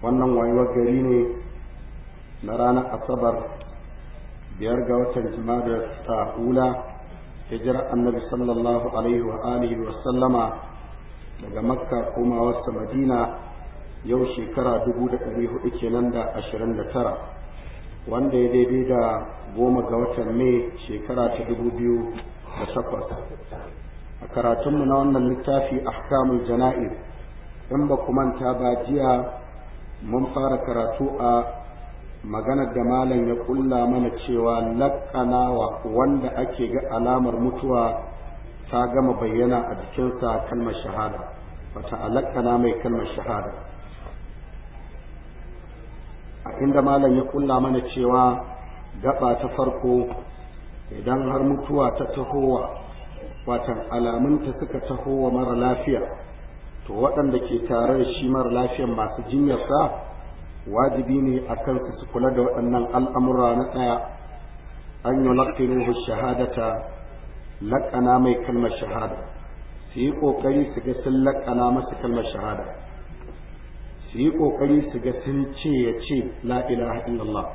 wannan wayewar gari ne na ranar asabar biyar ga watan jima'a ta hula hijirar annabi sallallahu alaihi wa alihi wa sallama daga makka komawarsa madina yau shekara dubu da ɗari hudu kenan da ashirin da tara wanda ya daidai da goma ga watan mai shekara ta dubu biyu da takwas a karatunmu na wannan littafi ahkamul jana'iz in ba ku manta ba jiya mun fara karatu a maganar da malam ya kulla mana cewa laƙanawa wanda ake ga alamar mutuwa ta gama bayyana a jikinsa kalmar shahada wata alaƙana mai kalmar shahada a inda malam ya kulla mana cewa gaba ta farko idan har mutuwa ta tahowa watan alamunta suka tahowa mara lafiya to waɗanda ke tare da shi mara lafiyan masu jinyarsa wajibi ne a kansu su kula da waɗannan al'amura na ɗaya an yi laƙinuhu shahadata laƙana mai kalmar shahada su yi ƙoƙari su ga sun laƙana masa kalmar shahada su yi ƙoƙari su ga sun ce ya ce la ilaha illallah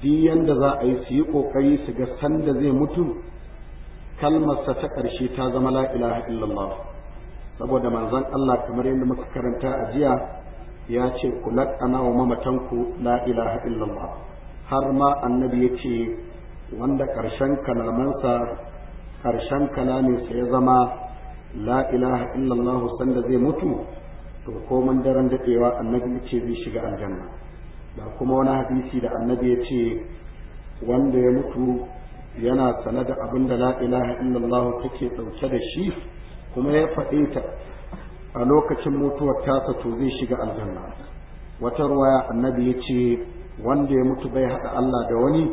duk yanda za a yi su yi ƙoƙari su ga sanda zai mutu kalmarsa ta ƙarshe ta zama la ilaha illallah saboda manzon Allah kamar yadda muka karanta a jiya ya ce ku laƙana wa mamatanku la ilaha illallah har ma annabi ya ce wanda ƙarshen kalamansa ƙarshen kalaminsa ya zama la ilaha illallah sanda zai mutu to komin daren daɗewa annabi ya ce zai shiga aljanna da kuma wani hadisi da annabi ya ce wanda ya mutu yana sane da abin da la ilaha illallah take ɗauke da shi kuma ya faɗe ta a lokacin mutuwar tasa to zai shiga aljanna wata ruwaya annabi ya ce wanda ya mutu bai haɗa Allah da wani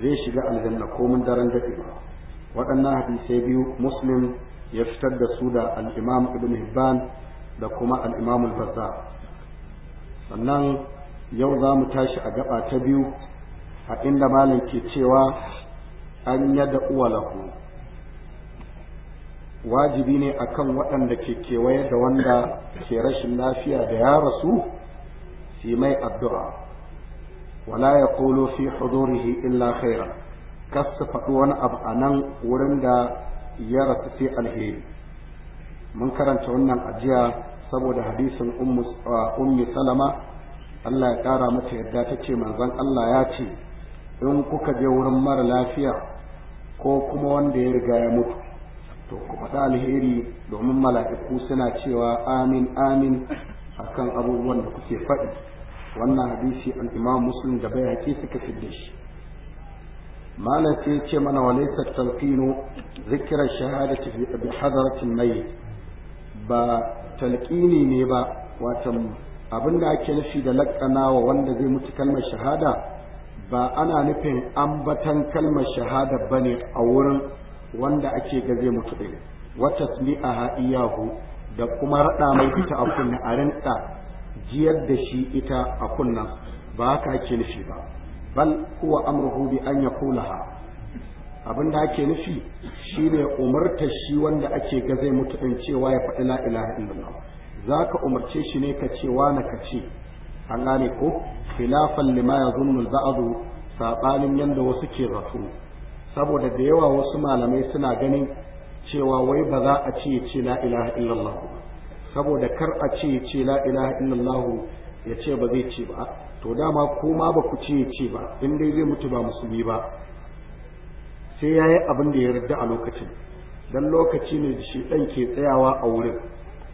zai shiga aljanna ko mun daren ba. waɗannan hadisai biyu muslim ya fitar da su da al'imam ibn hibban da kuma al'imam al-bazza sannan yau za mu tashi a gaba ta biyu a inda malam ke cewa an yada uwa wajibi ne a kan waɗanda ke kewaye da wanda ke rashin lafiya da ya rasu su mai addu'a wala ya ƙolo fi hudurihi illa khaira kas su faɗi wani abu a nan wurin da ya rasu sai alheri mun karanta wannan ajiya saboda hadisin ummi salama Allah ya ƙara mata yadda ta ce manzon Allah ya ce in kuka je wurin mara lafiya ko kuma wanda ya riga ya mutu to ku faɗa alheri domin mala'iku suna cewa amin amin akan abubuwan da kuke faɗi wannan hadisi an imam muslim da bayaki suka fidda shi malam sai ce mana wa laysa talqinu zikra shahadati bi hadarati mai ba talqini ne ba wato abin da ake nufi da laƙana wanda zai mutu kalmar shahada ba ana nufin ambatan kalmar shahada bane a wurin wanda ake ga zai mutu ne a haɗi yahu, da kuma raɗa mai fita a kunna a rinka jiyar da shi ita a kunna ba haka ake nufi ba bal kuwa amurhu bi an ya kula ha, abin da ake nufi shi ne umarta shi wanda ake gaze mutu ɗin cewa ya faɗi la ilaha illallah ka umarce shi ne ka ce na ka ce an gane ko khilafan lima yazunnu al-ba'd saɓanin yadda wasu ke rasu saboda da yawa wasu malamai suna ganin cewa wai ba za a ce ce la ilaha illallah saboda kar a ce ce la ilaha illallah ya ce ba zai ce ba to dama ko ma ba ku ce ce ba in dai zai mutu ba musulmi ba sai yayi abin da ya yarda a lokacin dan lokaci ne da shi dan ke tsayawa a wurin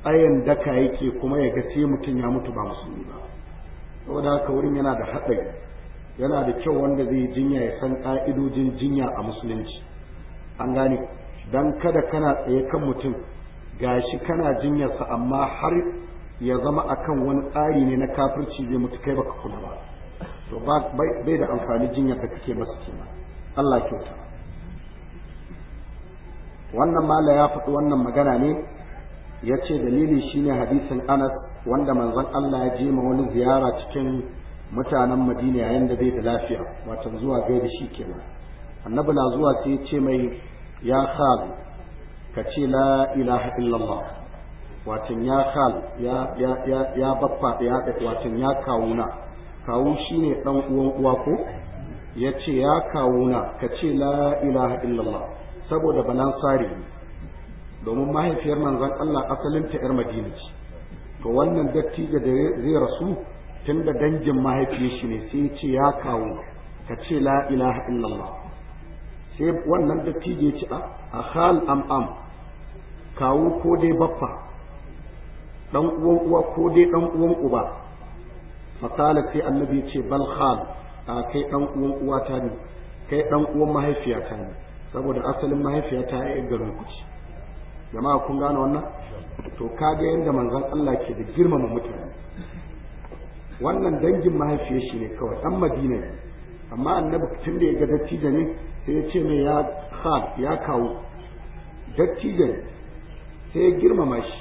ayan daka yake kuma ya ga sai mutum ya mutu ba musulmi ba saboda haka wurin yana da haɗari yana da kyau wanda zai yi jinya ya san ƙa'idojin jinya a musulunci an gane don kada kana tsaye kan mutum gashi kana jinyarsa amma har ya zama akan wani tsari ne na kafirci zai mutu kai baka kula ba to bai da amfani jinyar da kake masa kenan Allah kyauta wannan mala ya faɗi wannan magana ne ya ce dalili shine hadisin anas wanda manzon Allah ya je ma wani ziyara cikin mutanen madina yayin da bai da lafiya wato zuwa gaida shi kenan annabi na zuwa sai ya ce mai ya khal ka ce la ilaha illallah wato ya khal ya ya ya ya baffa ya wato ya kawuna kawu shine dan uwan uwa ko ya ce ya kawuna ka ce la ilaha illallah saboda banan sari domin mahaifiyar manzon Allah asalinta yar madina ce to wannan dattijo da zai rasu tun da dangin mahaifiyar shi ne sai ce ya kawo ka ce la ilaha illallah sai wannan dattijo ya ce a hal am am kawo ko dai baffa dan uwan uwa ko dai dan uwan uba fatala sai annabi ce bal hal a kai dan uwan uwa ta ne kai dan uwan mahaifiya ta ne saboda asalin mahaifiya ta yi garin ku jama'a kun gane wannan to kaga yadda manzon Allah ke da girmama mutane wannan dangin mahaifiyar shi ne kawai dan madina ne amma annabi tun da ya ga dattijo ne sai ya ce mai ya sa ya kawo dattijo ne sai ya girmama shi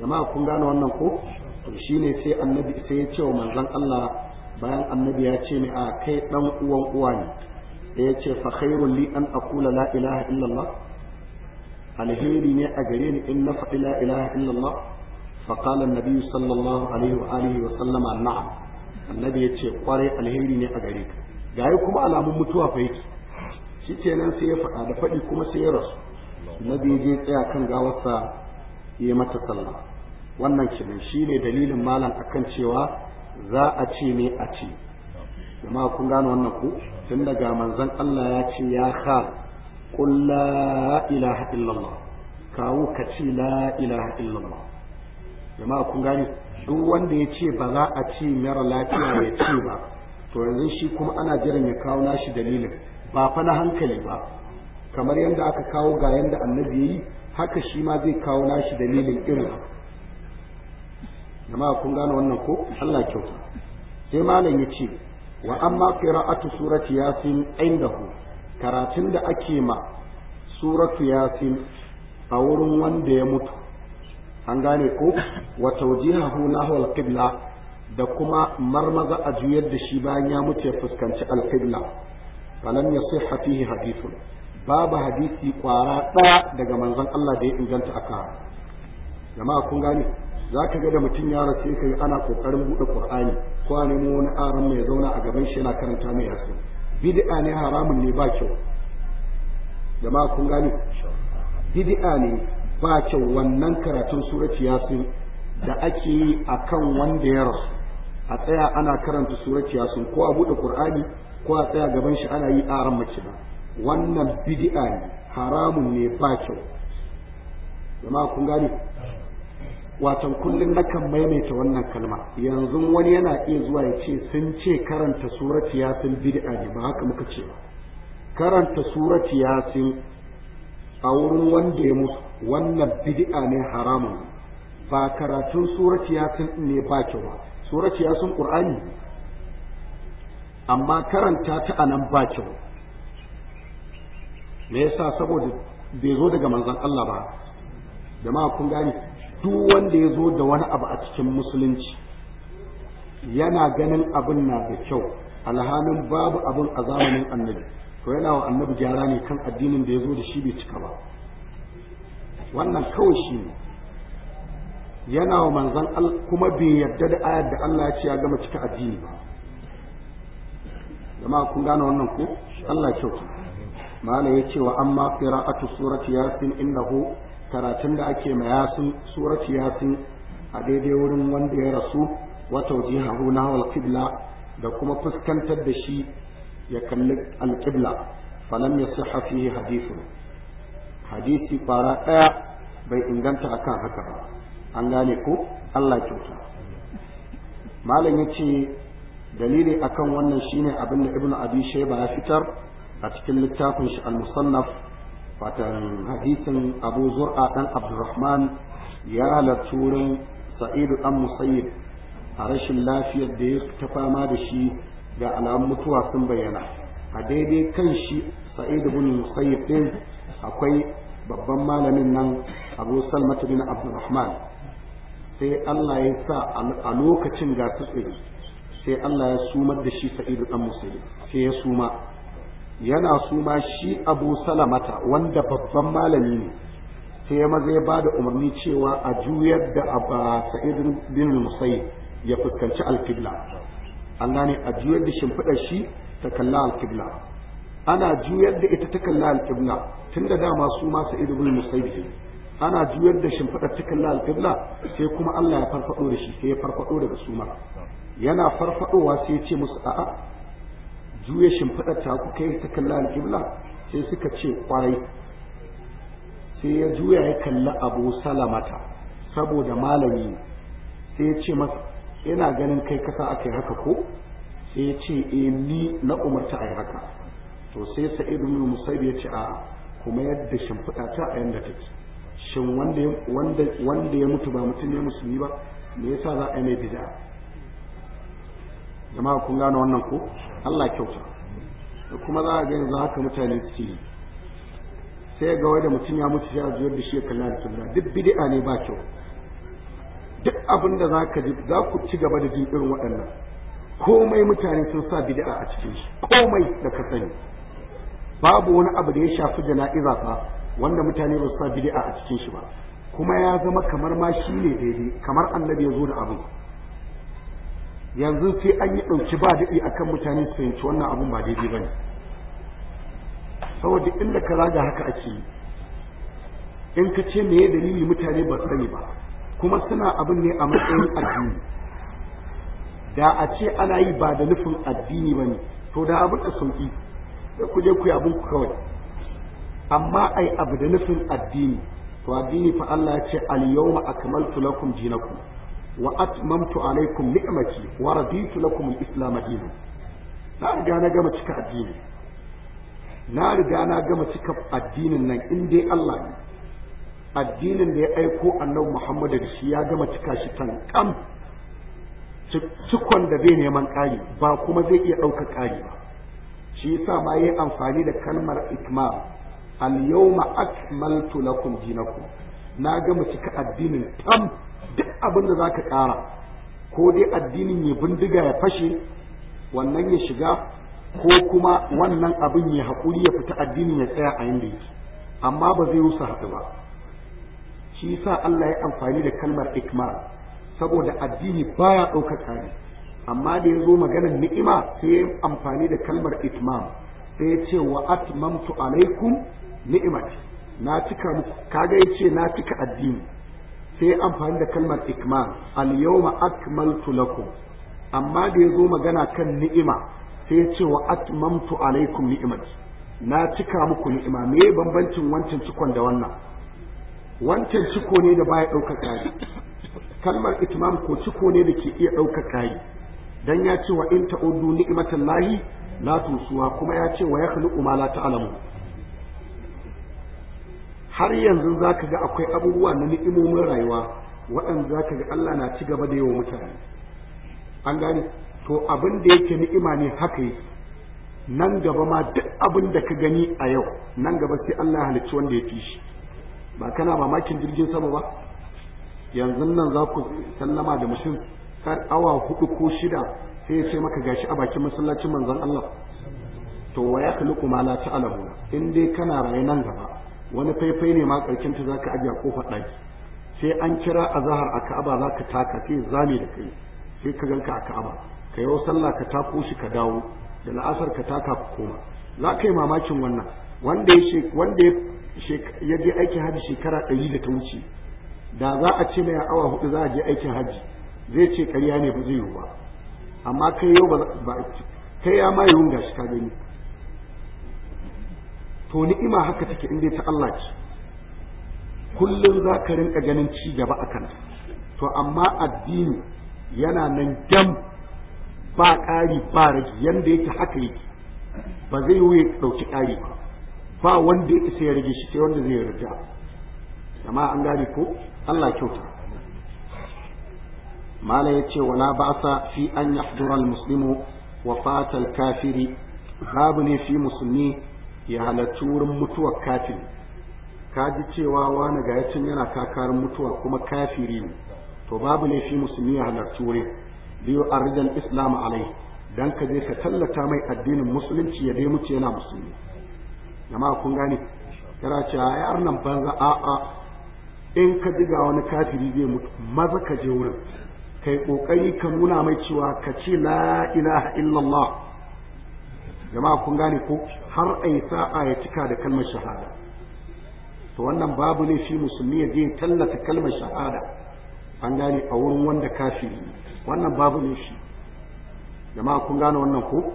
jama'a kun gane wannan ko to shine sai annabi sai ya ce wa manzon Allah bayan annabi ya ce mai a kai dan uwan uwa ne Sai ya ce fa khairul li an aqula la ilaha illallah alheri ne a gare ni in na faɗi la ilaha illallah فقال النبي صلى الله عليه وآله وسلم نعم النبي يتشي قري الهيري ني أغريك جاي كما على ممتوا فيك shi kenan sai ya faɗa da faɗi kuma sai ya rasu nabi ya tsaya kan gawarsa ya yi mata sallah wannan kenan shi ne dalilin malam akan cewa za a ce ne a ce jama'a kun gane wannan ku tun daga manzon Allah ya ce ya kha qul la ilaha illallah kawo ka ce la ilaha illallah jama'a kun gane duk wanda ya ce ba za a ci mara lafiya ya ce ba to yanzu shi kuma ana jiran ya kawo nashi dalilin ba fa na hankali ba kamar yadda aka kawo ga yadda annabi yi haka shi ma zai kawo nashi dalilin irin jama'a kun gane wannan ko Allah kyauta sai malam ya ce wa amma qira'atu surati yasin indahu karatun da ake ma suratu yasin a wurin wanda ya mutu an gane ko wa tawjihahu nahwa al-qibla da kuma marmaza a juyar da shi bayan ya mutu ya fuskanci al-qibla falam yasihha fihi hadithun babu hadisi kwara daya daga manzon Allah da ya inganta aka jama'a kun gane za ga da mutum ya rasu kai ana kokarin buɗe qur'ani ko ne mu wani aran mai zauna a gaban shi yana karanta mai yasu bid'a ne haramun ne ba kyau jama'a kun gane bid'a ne ba kyau wannan karatun surati yasin da ake yi a kan wanda ya rasu a tsaya ana karanta surati yasin ko a buɗe ƙur'ani, ko a tsaya gaban shi ana yi a mace ba wannan bid'a ne haramun ne ba kyau jama'a kun gane watan kullum nakan maimaita wannan kalma yanzu wani yana iya zuwa ya ce sun ce karanta surati yasin bid'a ne ba haka muka ce ba karanta surati yasin a wurin wanda ya mutu wannan bid'a ne haramun ba karatun surati yasin ne ba kyau ba surati yasin qur'ani amma karanta ta anan ba kyau me yasa saboda bai zo daga manzon Allah ba jama'a kun gani duk wanda ya zo da wani abu a cikin musulunci yana ganin abin na da kyau alhamin babu abin a zamanin annabi to yana wa annabi gyara ne kan addinin da ya zo da shi bai cika ba wannan kawai shi ne yana wa manzan kuma bai yarda da ayar da Allah ya ce ya gama cika addini ba jama'a kun gane wannan ko Allah ya kyauta mala ya ce wa amma qira'atu surati yasin innahu karatun da ake ma yasin surati yasin a daidai wurin wanda ya rasu wa tawjihahu nahwal qibla da kuma fuskantar da shi ya kalli alƙibla falam ya sahha fihi hadisi fara ɗaya bai inganta akan haka ba an gane ko Allah kyauta malam ya ce dalili akan wannan shine abin da ibnu abi sheba ya fitar a cikin littafin shi al-musannaf fatan hadisin abu zur'a dan abdurrahman ya halarci wurin sa'idu dan musayyib a rashin lafiyar da ya ta fama da shi ga alamun mutuwa sun bayyana a daidai kan shi sa'id ibn musayyib din akwai babban malamin nan abu Salma bin abdurrahman sai Allah ya sa a lokacin ga tsiri sai Allah ya sumar da shi sa'id ibn musayyib sai ya suma yana suma shi abu salamata wanda babban malami ne sai ya maza ya ba da umarni cewa a juyar da sa'id bin musayyib ya fuskanci alkibla Allah ne a juyar da shimfiɗar shi ta kalla alƙibla ana juyar da ita ta kalla alƙibla tun da dama su ma sa ibn musayyib ana juyar da shimfiɗar ta kalla alƙibla sai kuma Allah ya farfado da shi sai ya farfado daga su ma yana farfadowa sai ya ce musu a'a juya shimfiɗar ta ku kai ta kalla alƙibla sai suka ce kwarai sai ya juya ya kalla abu salamata saboda malami sai ya ce masa ina ganin kai kasa aka yi haka ko sai ya ce e ni na umarta a yi haka to sai sa'id ibn musaib ya ce a kuma yadda shimfiɗa ta a yanda take shin wanda ya mutu ba mutum ne musulmi ba me yasa za a yi mai bid'a jama'a kun gano wannan ko Allah kyauta kuma za a ga yanzu haka mutane su yi sai ga wanda mutum ya mutu sai a zuwa da shi ya kalla da duk bid'a ne ba kyau duk abin da za ka ji za ku ci gaba da jin irin waɗannan komai mutane sun sa bid'a a cikin shi komai da ka sani babu wani abu da ya shafi jana'iza fa wanda mutane ba su sa bid'a a cikin shi ba kuma ya zama kamar ma shi ne daidai kamar annabi ya zo da abin yanzu sai an yi ɗauki ba daɗi akan mutane su fahimci wannan abun ba daidai ba ne saboda inda ka zaga haka ake yi in ka ce me dalili mutane ba sani ba kuma suna abin ne a matsayin addini da a ce ana yi ba da nufin addini ba ne to da abin da sauki sai ku je ku yi abin ku kawai amma ai abu da nufin addini to addini fa Allah ya ce al-yawma akmaltu lakum dinakum wa atmamtu alaykum ni'mati wa raditu lakum al-islam dinan na riga na gama cika addini na riga na gama cika addinin nan in dai Allah ne addinin da ya aiko annabi Muhammadu da shi ya gama cika shi tankam cikon da zai neman ƙari ba kuma zai iya ɗaukar ƙari ba shi yasa ma yayi amfani da kalmar ikmal al yawma akmaltu lakum dinakum na gama cika addinin tam duk abin da zaka ƙara ko dai addinin ya bindiga ya fashe wannan ya shiga ko kuma wannan abin ya haƙuri ya fita addinin ya tsaya a yanda yake amma ba zai rusa haɗu ba shi sa Allah ya amfani da kalmar ikmal saboda addini baya ɗaukar kare amma da ya zo maganar ni'ima sai ya amfani da kalmar itmam sai ya ce wa atmamtu alaikum ni'imati na cika muku kaga ya ce na cika addini sai ya amfani da kalmar ikmal al yawma akmaltu lakum amma da ya zo magana kan ni'ima sai ya ce wa atmamtu alaikum ni'imati na cika muku ni'ima me bambancin wancan cikon da wannan wancan ciko ne da baya ɗaukar ƙari kalmar itimam ko ciko ne da ke iya ɗaukar ƙari dan ya ce wa in ta'uddu ni'matan lahi la tusuwa kuma ya ce wa yakhluqu ma la ta'lamu har yanzu zaka ga akwai abubuwa na ni'imomin rayuwa waɗanda zaka ga Allah na ci gaba da yawa mutane an gane to abin da yake ni'ima ne haka yake nan gaba ma duk abin da ka gani a yau nan gaba sai Allah ya halicci wanda ya fi ba kana mamakin jirgin sama ba yanzu nan za ku sallama da mutum har awa hudu ko shida sai ya ce maka gashi a bakin masallacin manzon Allah to wa yakhluqu ma la ta'lamu in dai kana raye nan gaba wani faifai ne ma karkin ta zaka ajiya kofar daki sai an kira azhar a Ka'aba zaka taka sai zame da kai sai ka ganka a Ka'aba ka yau sallah ka tako shi ka dawo da la'asar ka taka koma za ka yi mamakin wannan wanda ya wanda ya ya je aikin haji shekara ɗari da ta wuce da za a ce mai awa hudu za a je aikin hajji zai ce karya ne ba zai yiwu ba amma kai yau ba kai ya ma yiwu gashi ka gani to ni'ima haka take inda ta Allah ce kullum za ka rinka ganin ci gaba a kanta to amma addini yana nan gam ba ƙari ba rage yanda yake haka yake ba zai wuye ɗauki ƙari ba ba wanda ya isa ya rage shi sai wanda zai yarda amma an gane ko Allah kyauta mala yace wala ba'sa fi an yahdura al-muslimu wa al-kafiri babu ne fi musulmi ya halarci wurin mutuwar kafiri ka ji cewa wani ga yana kakarin mutuwa kuma kafiri ne to babu ne fi musulmi ya halarci wurin biyu arjan islam alai dan ka je ka tallata mai addinin musulunci ya dai mutu yana musulmi jama'a kun gane kana ce ai arnan banza a a in ka diga wani kafiri zai mutu maza ka je wurin kai kokari ka nuna mai cewa ka ce la ilaha illallah jama'a kun gane ko har ai sa'a ya cika da kalmar shahada to wannan babu ne shi musulmi ya je tallata kalmar shahada an gane a wurin wanda kafiri wannan babu ne shi jama'a kun gane wannan ko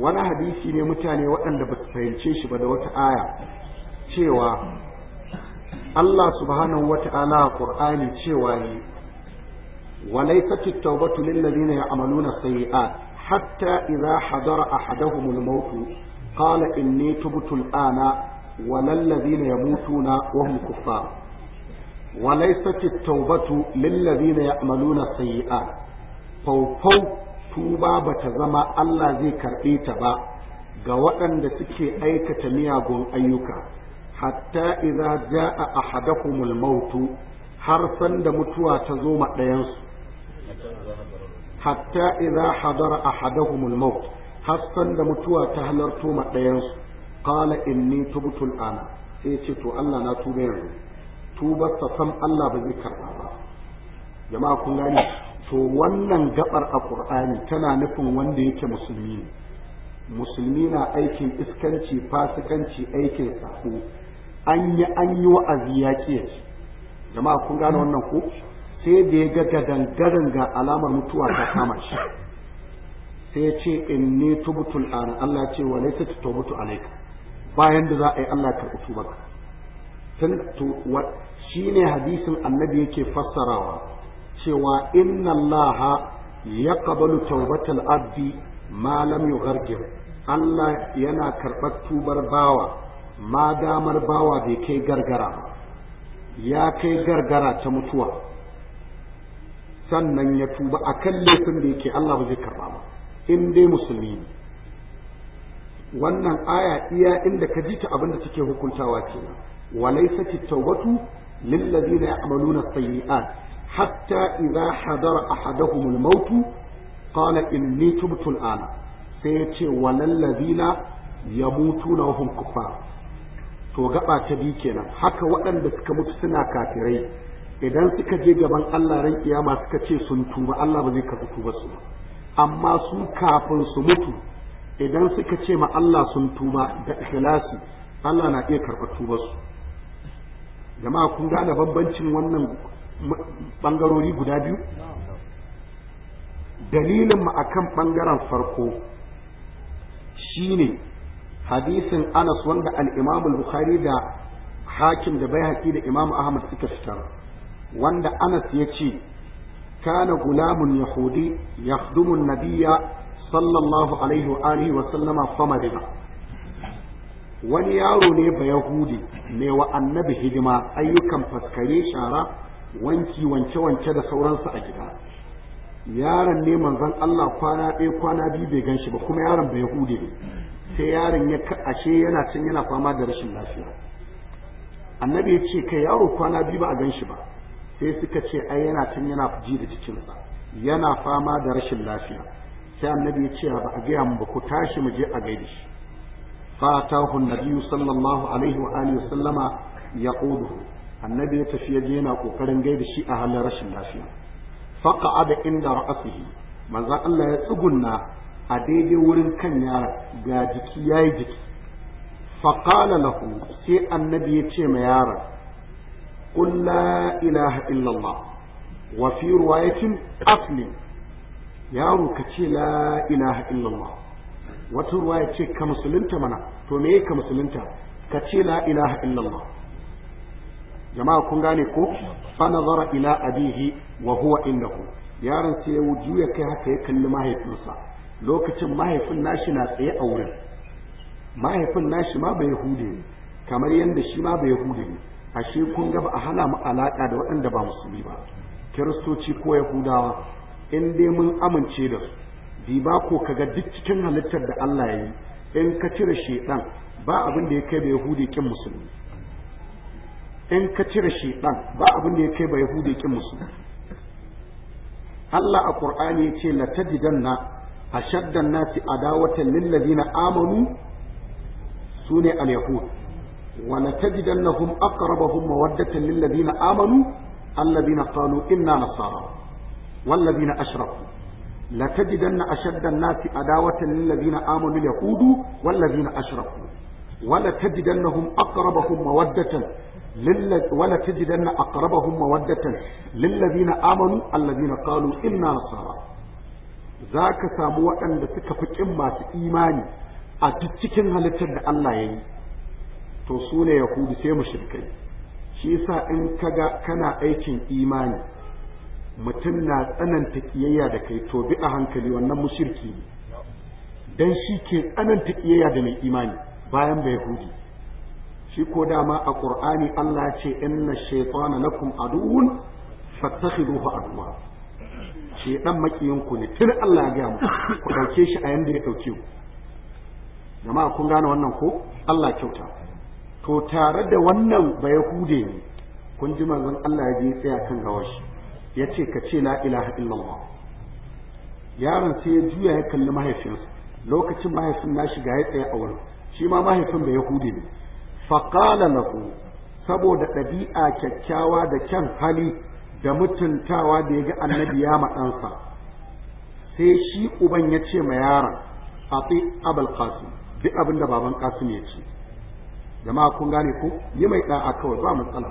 wani hadisi ne mutane waɗanda ba su fahimce shi ba da wata aya cewa Allah subhanahu wa ta'ala Qur'ani cewa ne walaysat at-tawbatu lil ladina ya'maluna sayi'a, hatta iza hadara a al-maut qala inni tubtu al wa lil yamutuna wa hum kuffar walaysat at-tawbatu lil ya'maluna sayyi'at fawfaw tuba ba ta zama Allah zai karɓe ta ba ga waɗanda suke aikata miyagun ayyuka hatta idza jaa ahadakumul mautu har san da mutuwa ta zo ma ɗayansu hatta idza hadara ahadahumul maut har san da mutuwa ta halarto ma ɗayansu qala inni tubtu ana sai ce to Allah na tuba yanzu tubar ta sam Allah ba zai karɓa ba jama'a kun gani to wannan gabar a qur'ani tana nufin wanda yake musulmi ne musulmi na aikin iskanci fasikanci aikin sako an yi an yi wa'azi ya ce jama'a kun gane wannan ko sai da ya ga gadangarin ga alamar mutuwa ta kama shi sai ya ce in ne tubutul ana Allah ce wa laisa tubutu alaika bayan da za a yi Allah karɓi tubarka tun to shi ne hadisin annabi yake fassarawa cewa inna Allah ya qabalu tawbatal abdi ma lam yughargir Allah yana karɓar tubar bawa ma damar bawa bai kai gargara ya kai gargara ta mutuwa sannan ya tuba akan laifin da yake Allah ba zai karɓa ba in dai musulmi ne wannan aya iya inda ka ji ta abin da take hukuntawa kenan walaysati tawbatu ladina ya'maluna sayyi'at حتى إذا حضر أحدهم الموت قال إني تبت الآن سيتي ولا الذين يموتون وهم كفار to gaba ta bi kenan haka waɗanda suka mutu suna kafirai idan suka je gaban Allah ran kiyama suka ce sun tuba Allah ba zai karɓi tuba su amma su kafin su mutu idan suka ce ma Allah sun tuba da ikhlasi Allah na iya karɓar tuba su jama'a kun gane bambancin wannan ɓangarori guda biyu dalilinmu a kan ɓangaren farko shine hadisin anas wanda al'imamu bukhari da hakim da bai da imamu ahmad suka fitar wanda anas ya ce kana gulamun yahudi yakhdumun nabiya sallallahu alaihi wa alihi wa sallama famadina wani yaro ne ba yahudi mai wa annabi hidima ayyukan faskare shara wanki wanke wanke da sauransu a gida yaron ne manzon Allah kwana ɗaya kwana biyu bai gan shi ba kuma yaron bai hude ne sai yaron ya ashe yana can yana fama da rashin lafiya annabi ya ce kai yaro kwana biyu ba a ganshi ba sai suka ce ai yana can yana ji da jikinsa yana fama da rashin lafiya sai annabi ya ce ba a gaya mu ba ku tashi mu je a gaida shi fatahu nabi sallallahu alaihi wa alihi sallama yaqulu annabi ya tafi je yana kokarin gaida shi a halin rashin lafiya da inda ra'sihi manzon Allah ya tsugunna a daidai wurin kan yaron ga jiki yayi jiki faqala lahu sai annabi ya ce ma yaron qul la ilaha illallah wa fi riwayatin aslim yaro ka ce la ilaha illallah wata ruwa ya ce ka musulunta mana to me ka musulunta ka ce la ilaha illallah jama'a kun gane ko fa nazara ila abihi wa huwa indahu yaron sai ya juya kai haka ya kalli mahaifinsa lokacin mahaifin nashi na tsaye a wurin mahaifin nashi ma bai hude ne kamar yadda shi ma bai hude ne ashe kun ga ba a hana mu alaka da waɗanda ba musulmi ba kiristoci ko yahudawa in dai mun amince da su diba ko kaga duk cikin halittar da Allah ya yi in ka cire shedan ba abin da ya kai da yahudi kin musulmi in ka cire shi ɗan ba abin da ya kai ba yahudi kin musu Allah a ƙur'ani ya ce la tajidanna ashaddan nasi adawatan lil na amanu su ne al yahud wa la tajidannahum aqrabahum mawaddatan lil na amanu na qalu inna nasara wal ladina ashraku la tajidanna ashaddan nasi adawatan lil na amanu al yahud wal ladina ashraku wala tajidannahum aqrabahum mawaddatan wala tajidanna aqrabahum mawaddatan lillazina amanu allazina qalu inna nasara zaka samu waɗanda suka fi ƙin masu imani a duk cikin halittar da Allah ya yi to su ne yahudu sai mu mushrikai shi yasa in ka ga kana aikin imani mutum na tsananta kiyayya da kai to bi a hankali wannan mushirki ne dan shi ke tsananta kiyayya da mai imani bayan bai hudu shi ko dama a qur'ani Allah ce inna shaytana lakum aduun fattakhiduhu aduwa shi dan makiyin ku ne tun Allah ya mu ku dauke shi a yanda ya dauke ku jama'a kun gane wannan ko Allah kyauta to tare da wannan bai hude ne kun ji manzon Allah ya je tsaya kan gawashi ya ce ka ce la ilaha illallah yaron sai ya juya ya kalli mahaifinsa lokacin mahaifin na shiga ya tsaya a wurin shi ma mahaifin da yahudi ne faƙala ku saboda ɗabi'a kyakkyawa da kyan hali da mutuntawa da ya ga annabi ya maɗansa sai shi uban ya ce ma yaron a tsi abal kasu duk abin da baban kasu ya ce jama'a kun gane ko yi mai ɗa'a kawai ba matsala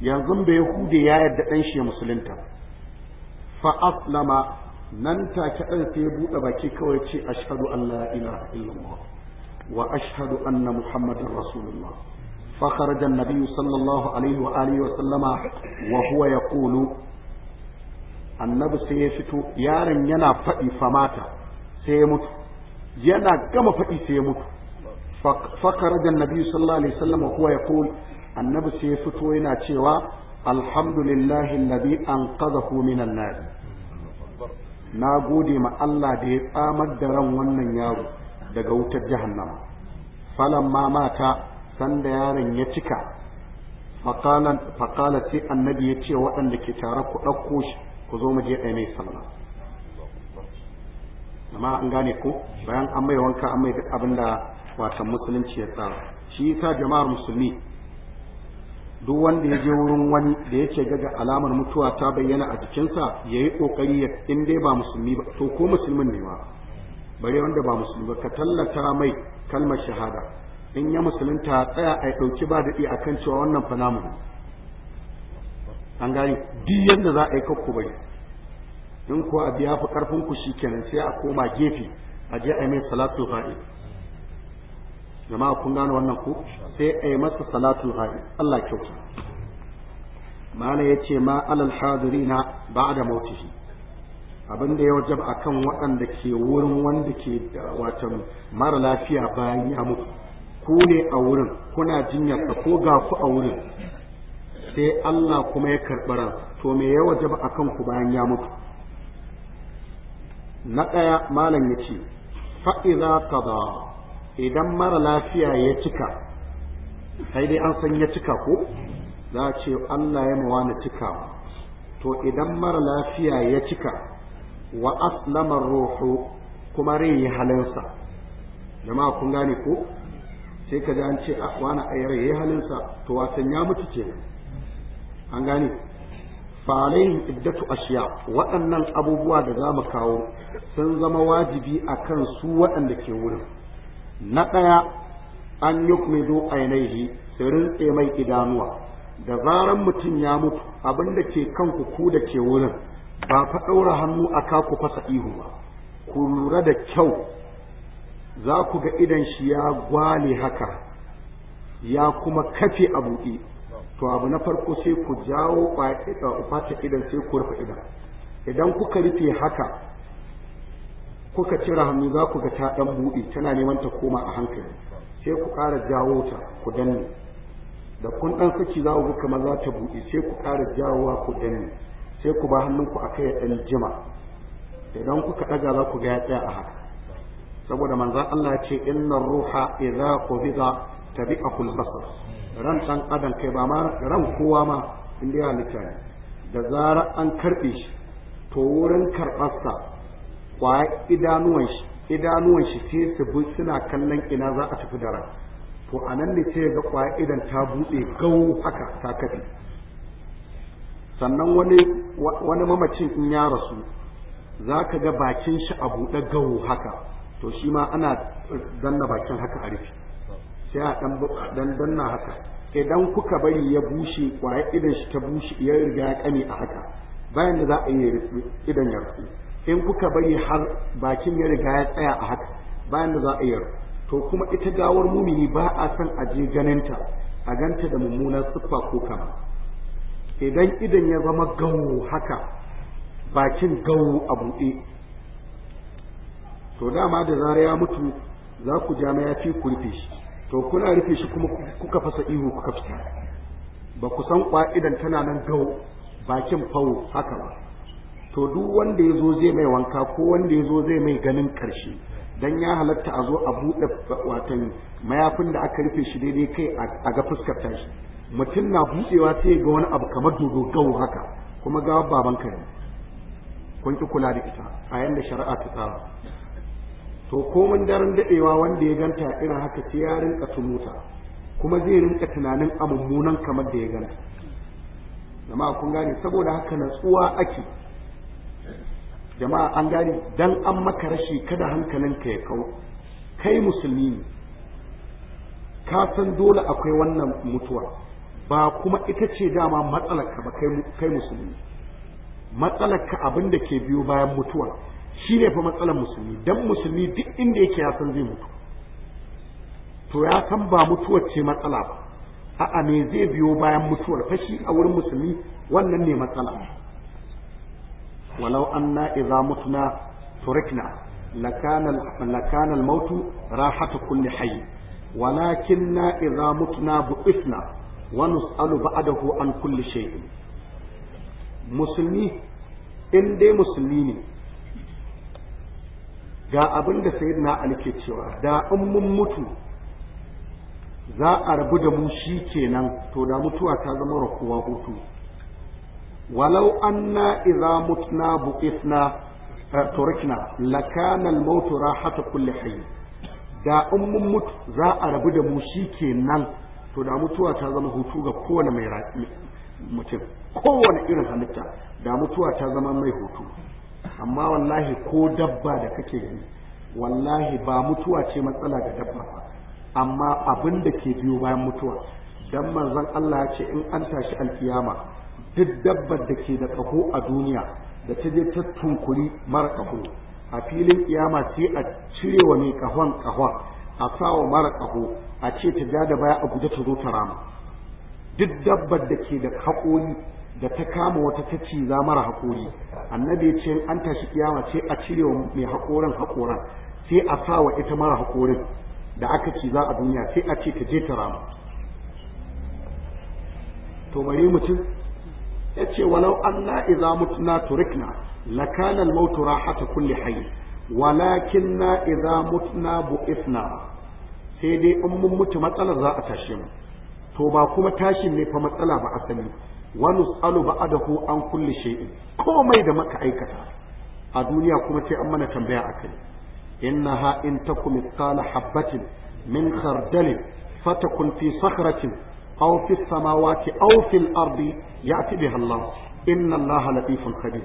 yanzu da yahude ya yarda ɗan shi ya musulunta fa aslama nan take ɗan sai ya buɗe baki kawai ce ashhadu an la ilaha illallah وأشهد أن محمدا رسول الله فخرج النبي صلى الله عليه وآله وسلم وهو يقول annabi sai ya fito yaron yana faɗi famata sai ya mutu yana gama faɗi sai ya mutu fakarajan nabi sallallahu alaihi wasallam huwa yaqul annabi sai ya fito yana cewa alhamdu lillahi nabi'an minan nar na gode ma Allah da ya tsamar da ran wannan yaro daga wutar jahannama ma mata sanda yaron ya cika faƙala sai annabi ya ce waɗanda ke tare ku ɗauko shi ku zo mu je ɗaya mai sallah amma an gane ko bayan an mai wanka an mai abinda abin da watan musulunci ya tsara shi ta jama'ar musulmi duk wanda ya je wurin wani da ya yake gaga alamar mutuwa ta bayyana a jikinsa ya yi ƙoƙari ya in dai ba musulmi ba to ko musulmin ne ma bare wanda ba musulmi ba ka tallata mai kalmar shahada in ya musulunta tsaya a ɗauki ba daɗi iya kan cewa wannan fa namu an gani duk yadda za a yi kakku bai in ko a biya fa karfin ku shi kenan sai a koma gefe a je a yi mai salatu ra'i jama'a kun gane wannan ku sai a yi masa salatu ra'i Allah kyauta mala ya ce ma alal hadirina ba'da mautihi abin da ya wajaba akan waɗanda ke wurin wanda ke watan mara lafiya bayan ya mutu ku ne a wurin kuna jinyarsa ko ga ku a wurin sai Allah kuma ya karɓi ran to me ya wajaba kan ku bayan ya mutu na ɗaya malam ya ce ka ba idan mara lafiya ya cika sai dai an san ya cika ko za a ce Allah ya mawa na cika, to idan mara lafiya ya cika wa aslama ruhu kuma rai ya halinsa jama'a kun gane ko sai ka ji an ce ah, wani a rai ya halinsa to wasan ya mutu kenan an gane falayin iddatu ashiya waɗannan abubuwa da za mu kawo sun zama wajibi a kan su waɗanda ke wurin na ɗaya an yi a ainihi su rintse mai idanuwa da zaran mutum ya mutu abin da ke kan ku da ke wurin ba fa ɗaura hannu a ka ku fasa ihu ba ku lura da kyau za ku ga idan shi ya gwale haka ya kuma kafe a buɗe to abu na farko sai ku jawo eh, fata idan sai ku rufe idan idan kuka rufe haka kuka cire hannu za ku ga ta ɗan buɗe tana neman ta koma a hankali sai ku ƙara jawo ta ku danne da kun ɗan saki za ku ga kamar za ta buɗe sai ku ƙara jawowa ku danne sai ku ba hannunku a kai ya ɗan jima idan kuka ɗaga za ku ga ya tsaya a haka saboda manzan Allah ce inna ruha idza qubida tabi'a kul basar ran dan adam kai ba ma ran kowa ma inda ya halitta da zarar an karbe shi to wurin karbarsa kwaya idanuwan shi idanuwan shi sai su bi suna kallon ina za a tafi da ran to anan ne sai ga kwaya idan ta buɗe gau haka ta kafi sannan wani wani mamacin in ya rasu za ka ga bakin shi a buɗe gawo haka to shi ma ana danna bakin haka a rufe sai a dan danna haka idan kuka bari ya bushe kwaye idan shi ta bushe ya riga ya kame a haka bayan da za a yi idan ya rufe in kuka bari har bakin ya riga ya tsaya a haka bayan da za a yi to kuma ita gawar mumini ba a san a je ganinta a ganta da mummunar siffa ko kama idan idan ya zama gawo haka bakin gawo a buɗe to dama da zara ya mutu za ku ja ce ku rufe shi to kuna rufe shi kuma kuka fasa ihu kuka fita ba ku san kwa idan tana nan gawo bakin fawo haka ba to duk wanda ya zo zai mai wanka ko wanda ya zo zai mai ganin karshe dan ya halatta a zo a buɗe watan mayafin da aka rufe shi daidai kai a ga fuskar tashi mutum na buɗewa sai ga wani abu kamar dodo gawo haka kuma ga baban ka kun ki kula da ita a yanda shari'a ta tsara to komin daren daɗewa wanda ya ganta irin haka sai ya rinka tumuta kuma zai rinka tunanin a kamar da ya ganta jama'a kun gane saboda haka natsuwa ake jama'a an gane dan an maka rashi kada hankalin hankalinka ya kau kai musulmi ne ka san dole akwai wannan mutuwa ba kuma ita ce dama matsalarka ba kai musulmi matsalarka abin da ke biyo bayan mutuwa shi ne fa matsalar musulmi dan musulmi duk inda yake ya san zai mutu to ya san ba mutuwar ce matsala ba a'a me zai biyo bayan mutuwar fashi a wurin musulmi wannan ne matsala walau anna idza mutuna turikna lakana lakana al-mautu rahatu kulli hayy walakinna idza mutuna bu'ithna wa nus'alu ba'dahu an kulle shay'in musulmi in dai musulmi ne ga abin da sayyidina na ke cewa da in mun mutu za a rabu da mu shi kenan to da mutuwa ta zama rakuwa hutu walau anna idza mutna bu'ithna eh, turikna lakana al-maut rahata kulli hayy da in mun mutu za a rabu da mu shi kenan to da mutuwa ta zama hutu ga kowane mai mutum kowane irin halitta da mutuwa ta zama mai hutu amma wallahi ko dabba da kake gani wallahi ba mutuwa ce matsala ga dabba ba amma abin da ke biyo bayan mutuwa dan manzon Allah ya ce in an tashi alkiyama duk dabbar da ke da kaho a duniya da ta je ta tunkuri mara kaho a filin kiyama sai a cire wa mai kahon kahon a sawa mara ƙaho a ce ta ja da baya a guje ta zo ta rama duk dabbar da ke da haƙori da ta kama wata ta ciza mara haƙori annabi ya ce an tashi kiyama ce a cire wa mai haƙoran haƙoran sai a sa wa ita mara haƙorin da aka ciza a duniya sai a ce ta je ta rama to bare mutum ya ce walau anna idza mutuna turikna lakana al-mautu rahata kulli hayy walakinna idza sai dai in mun mutu matsalar za a tashe mu to ba kuma tashin ne fa matsala ba asali wa ba adahu an kulle shay'in komai da maka aikata a duniya kuma sai an mana tambaya a kai. in takum mithqala habbatin, min khardalin fatakun fi sakhratin aw fi samawati aw fil ardi ya'ti biha Allah inna Allah latifun khabir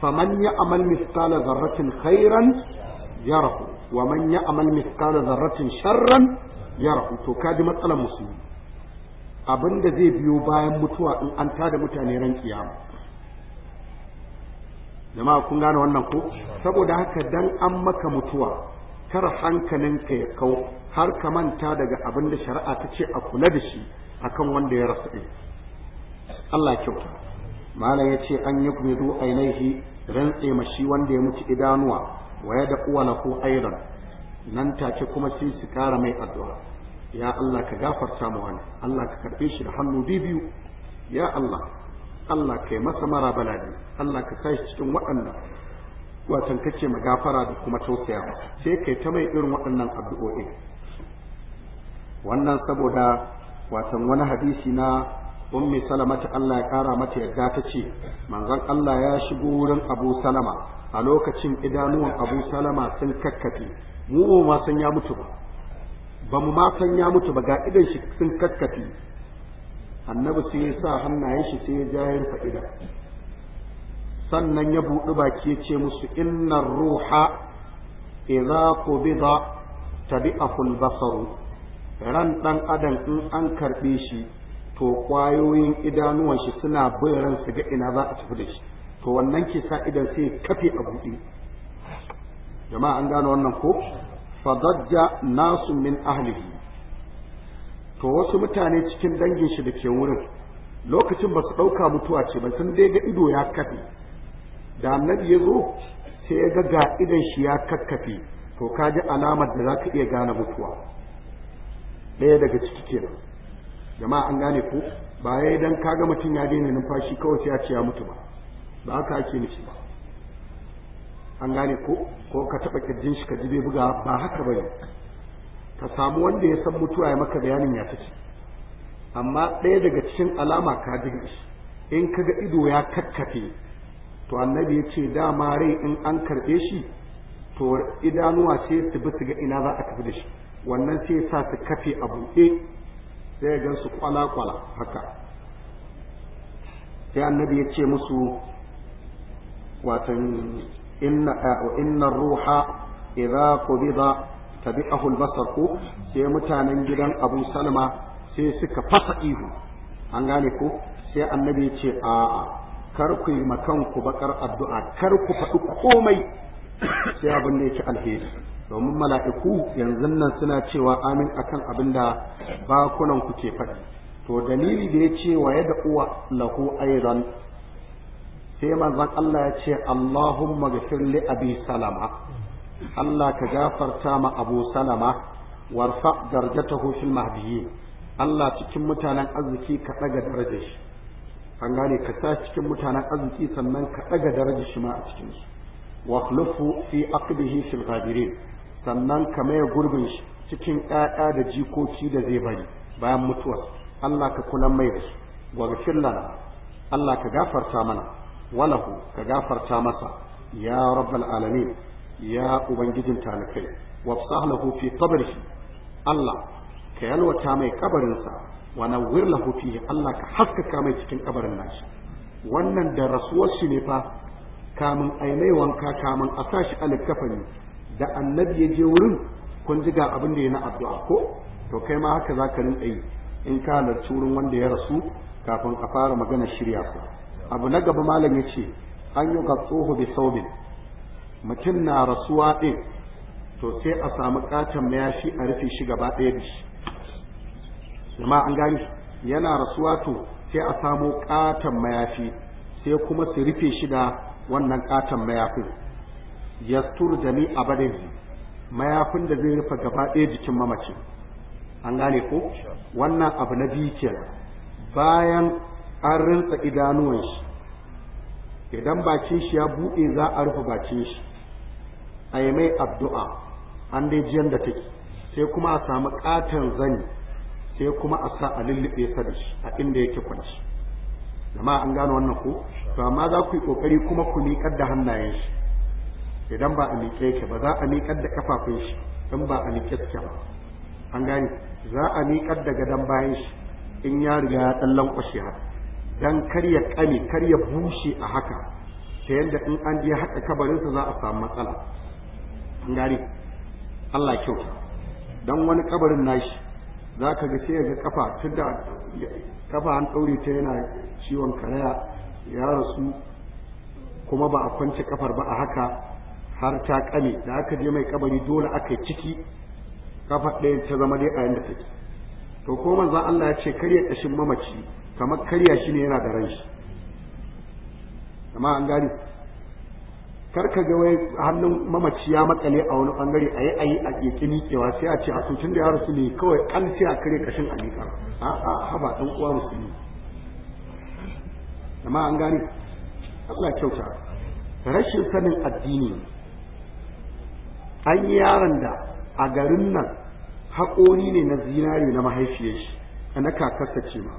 faman ya'mal mithqala dharratin khairan yarahu wa man ya'mal mithqala dharratin sharran yarahu to kaji matsalar musulmi abinda zai biyo bayan mutuwa in an tada mutane ran kiyama jama'a kun gane wannan ko saboda haka dan an maka mutuwa kar ka ya kau har ka manta daga abinda shari'a ta ce a kula da shi akan wanda ya rasu ɗin Allah kyauta malam ya ce an yi kumido ainihi rantse ma shi wanda ya mutu idanuwa wa na ku aidan nan take kuma sai su kara mai addu'a ya Allah ka gafarta mu wani Allah ka karbe shi da hannu biyu ya Allah Allah kai masa mara baladi Allah ka kai cikin waɗannan watan kace magafara da kuma tausaya sai kai ta mai irin waɗannan addu'o'i wannan saboda watan wani hadisi na ummi salamata Allah ya kara mata yadda ta ce manzon Allah ya shigo wurin Abu Salama a lokacin idanuwan Abu Salama sun kakkafe mu ma san ya mutu ba ba mu ma san ya mutu ba ga idan shi sun kakkafe annabi sai ya sa hannayen shi sai ya jayar fa'ida sannan ya buɗi baki ya ce musu innar ruha idza qubida tabi'a al-basaru ran dan adam in an karbe shi to kwayoyin idanuwan shi suna bin ransa ga ina za a tafi da shi to wannan ke sa idan sai kafe a buɗe jama'a an gano wannan ko fadajja nasu min ahlihi to wasu mutane cikin dangin shi da ke wurin lokacin ba su ɗauka mutuwa ce ba sun dai ga ido ya kafe da annabi ya zo sai ya ga ga idan shi ya kakkafe to ka ji alamar da za ka iya gane mutuwa ɗaya daga ciki kenan jama'a an gane ko ba ya dan kaga mutum ya daina numfashi kawai sai ya ce ya mutu ba ba haka ake nufi ba an gane ko ko ka taba kirjin shi ka ji bai buga ba haka bane ka samu wanda ya san mutuwa ya maka bayanin ya take amma ɗaya daga cikin alama ka ji shi in kaga ido ya kakkafe to annabi ya ce dama rai in an karɓe shi to idanuwa sai su bi su ga ina za a tafi da shi wannan sai sa su kafe a buɗe sai ya gansu kwala-kwala haka sai annabi ya ce musu watan inna eh, ruha idza qubida tabi'ahu al-basar ko sai mutanen gidan Abu Salma sai suka fasa ihu an gane ko sai annabi ya ce a'a kar ku yi ku bakar addu'a kar ku faɗi komai sai abin da yake alheri domin mala'iku yanzu nan suna cewa amin akan abin da bakunan ku ke faɗi to dalili da ya ce wa ya uwa lahu ayran sai manzon Allah ya ce Allahumma ghafir li abi salama Allah ka gafarta ma abu salama warfa darajatahu fil mahdiyyin Allah cikin mutanen arziki ka daga darajar shi an gane ka sa cikin mutanen arziki sannan ka daga darajar shi ma a cikin su wa fi aqbihi fil ghadirin sannan ka maye gurbin shi cikin ƴaƴa da jikoki da zai bari bayan mutuwar Allah ka kula mai da su waghfir lana Allah ka gafarta mana walahu ka gafarta masa ya rabbal alamin ya ubangijin talakai wafsah sahlahu fi qabrihi Allah ka yalwata mai ƙabarinsa. wa nawwir lahu fihi Allah ka haskaka mai cikin kabarin nashi wannan da rasuwar shi ne fa kamun aimai wanka kamun a sashi alkafani da annabi ya je wurin kun ji ga abin da ya na addu'a ko to kai ma haka zaka rinka yi in ka halarci wurin wanda ya rasu kafin a fara magana shirya ku abu na gaba malam ya ce an yi katsohu bi saubin mutum na rasuwa ɗin to sai a samu katon mayashi a rufe shi gaba ɗaya da shi amma an gani yana rasuwa to sai a samo katon mayafi sai kuma su rufe shi da wannan katon mayafin yastur a badanihi mayafin da zai rufe gaba ɗaya jikin mamaci an gane ko wannan abu na biyu kenan bayan an rinsa idanuwan shi idan bakin shi ya buɗe za a rufe bakin shi a yi mai addu'a an dai jiyan da take sai kuma a samu ƙaton zani sai kuma a sa a lullube sa da shi a inda yake kwanci jama'a an gano wannan ko to amma za ku yi ƙoƙari kuma ku liƙar da hannayen shi idan ba a miƙe ke ba za a miƙar da kafafun shi in ba a miƙe ke ba an gani za a miƙar da gadon bayan shi in ya riga ya ɗan lankwashe ha dan kar ya ƙame kar ya bushe a haka ta yadda in an je haɗa kabarinsa za a samu matsala an gani Allah kyau dan wani kabarin nashi za ka ga sai ga kafa tunda kafa an ɗaure ta yana ciwon karaya ya rasu kuma ba a kwance kafar ba a haka har ta kame da aka je mai kabari dole aka yi ciki kafa ɗaya ta zama dai a yanda take to ko manzon Allah ya ce karya kashin mamaci kamar karya shi ne yana da ran shi amma an gani kar ka ga wai hannun mamaci ya makale a wani bangare ayi ayi a yake miƙewa sai a ce a tutun da ya rasu ne kawai kan sai a karya kashin alika a a haba dan uwa musulmi amma an gani Allah kyauta rashin sanin addini an yaron da a garin nan haƙori ne na zinare na mahaifiyar shi na kakarsa ce ma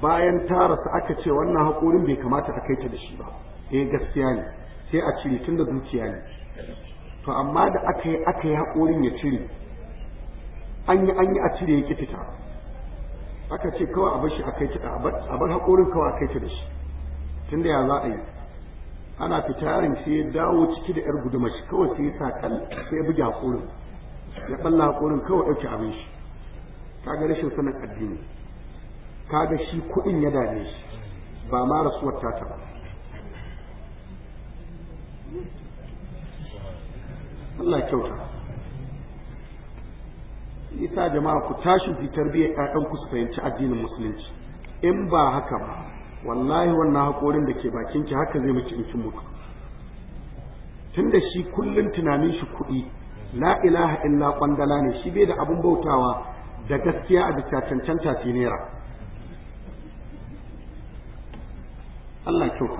bayan ta su aka ce wannan haƙorin bai kamata a kai ta da shi ba eh gaskiya ne sai a cire tun da zuciya ne to amma da aka yi aka yi haƙorin ya cire an yi an yi a cire ya ƙi fita aka ce kawai a bar shi a kai ta a bar haƙorin kawai a kai ta da shi tun da ya za a yi ana fita yaron shi ya dawo ciki da yar guduma shi kawai sai ya sa sai ya buge hakorin ya balla hakorin kawai ɗauki abin shi kaga rashin sanin addini kaga shi kuɗin ya dame shi ba ma rasuwar ta ba Allah kyauta sa jama'a ku tashi fitar biya ƴaƴanku su fahimci addinin musulunci in ba haka ba wallahi wannan haƙorin da ke bakin ki haka zai miki in mutu tunda shi kullun tunanin shi kuɗi la ilaha illa ƙwandala ne shi bai da abun bautawa da gaskiya a bisa cancanta naira Allah kyau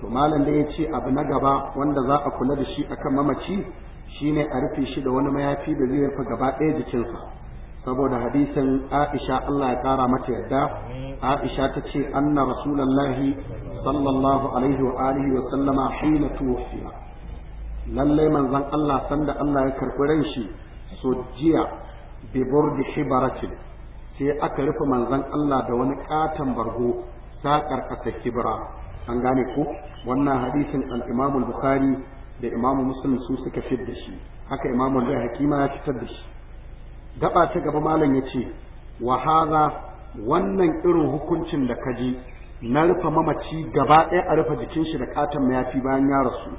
to malam da ya ce abu na gaba wanda za a kula da shi akan mamaci shine a rufe shi da wani mayafi da zai rufe gaba ɗaya jikinsa saboda hadisin Aisha Allah ya kara mata yadda Aisha ta ce anna rasulullahi sallallahu alaihi wa alihi wa sallama hina tuwfiya lallai manzon Allah sanda Allah ya karɓi ran shi so jiya bi burdi sai aka rufe manzon Allah da wani katon bargo saƙar ƙasar kibra an gane ko wannan hadisin al-Imam bukhari da Imam Muslim su suka fitar da shi haka Imam al-Hakima ya fitar da shi gaba ta gaba malam ya ce wa haza wannan irin hukuncin da kaji na rufe mamaci gaba ɗaya a rufe jikin shi da katon mayafi bayan ya rasu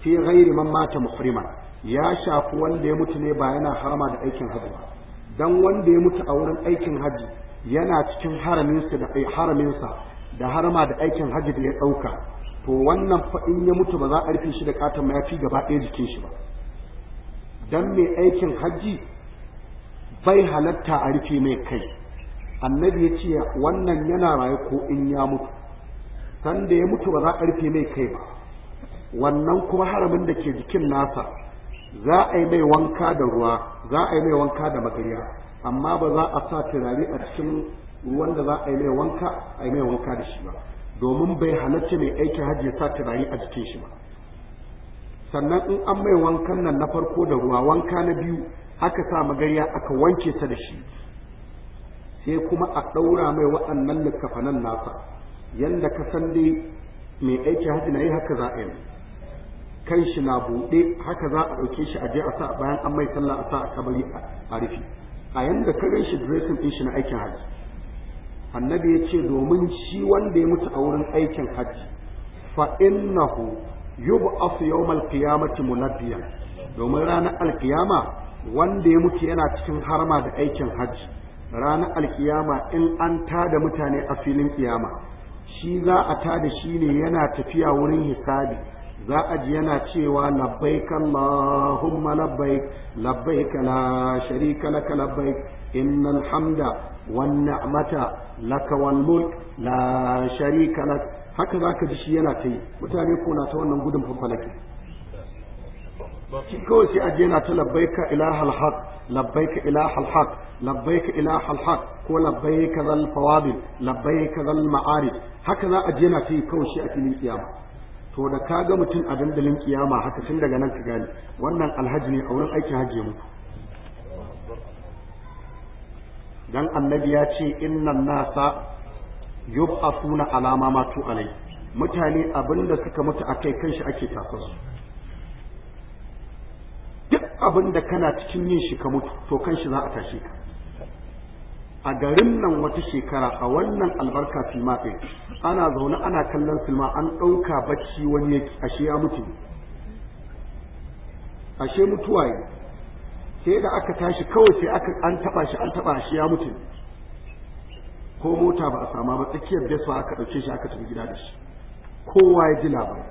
fi ghairi man mata muhrima ya shafi wanda ya mutu ne ba yana harama da aikin hajji ba dan wanda ya mutu a wurin aikin hajji yana cikin haraminsa da sa da harama da aikin hajji da ya ɗauka to wannan fa in ya mutu ba za a rufe shi da katon mayafi gaba ɗaya jikin shi ba dan mai aikin hajji bai halatta a rufe mai kai annabi ya ce wannan yana raye ko in ya mutu sanda ya mutu ba za a rufe mai kai ba wannan kuma haramin da ke jikin nasa za a yi mai wanka da ruwa za a yi mai wanka da magariya amma ba za a sa turare a cikin ruwan da za a yi mai wanka a yi mai wanka da shi ba domin bai halarci mai aikin hajji ya sa turare a jikin shi ba sannan in an mai wankan nan na farko da ruwa wanka na biyu aka sa magariya aka wanke ta da shi sai kuma a ɗaura mai waɗannan likafanan nasa yadda ka san dai mai aiki haji na yi haka za a yi kan shi na buɗe haka za a ɗauke shi a je a sa bayan an mai sallah a sa a kabari a rufe a yadda ka gan shi dressing ɗin shi na aikin haji annabi ya ce domin shi wanda ya mutu a wurin aikin haji fa innahu yub'asu yawmal qiyamati munabbiyan domin ranar alkiyama wanda ya mutu yana cikin harma da aikin hajji ranar alkiyama in an ta da mutane a filin kiyama shi za a da shi ne yana tafiya wurin hisabi za a ji yana cewa labbai Allahumma labbaik labbaik la sharika laka labbai innan hamda wannan mata lakawan mulk la sharika lak haka za ka ji shi yana ta yi mutane ko na ta wannan gudun fanfalaki shi kawai sai aje na ta labbaika ilahal haq labbaika ilahal haq labbaika ilahal haq ko labbaika zal fawadil labbaika zal ma'arij haka za a je na ta yi kawai shi a filin kiyama to da ka ga mutum a dandalin kiyama haka tun daga nan ka gane wannan alhaji ne a wurin aikin hajji ya mutu dan annabi ya ce innan nasa yub'athuna alama matu alai mutane abinda suka mutu akai kanshi ake tafasu abin da kana cikin yin shi ka mutu to kan shi za a tashe ka a garin nan wata shekara a wannan albarka filma ɗin ana zaune ana kallon filma an ɗauka bacci wani yake ashe ya mutu ashe mutuwa ne sai da aka tashi kawai sai aka an taɓa shi an taɓa shi ya mutu ko mota ba a sama ba tsakiyar beswa aka ɗauke shi aka tafi gida da shi kowa ya ji labari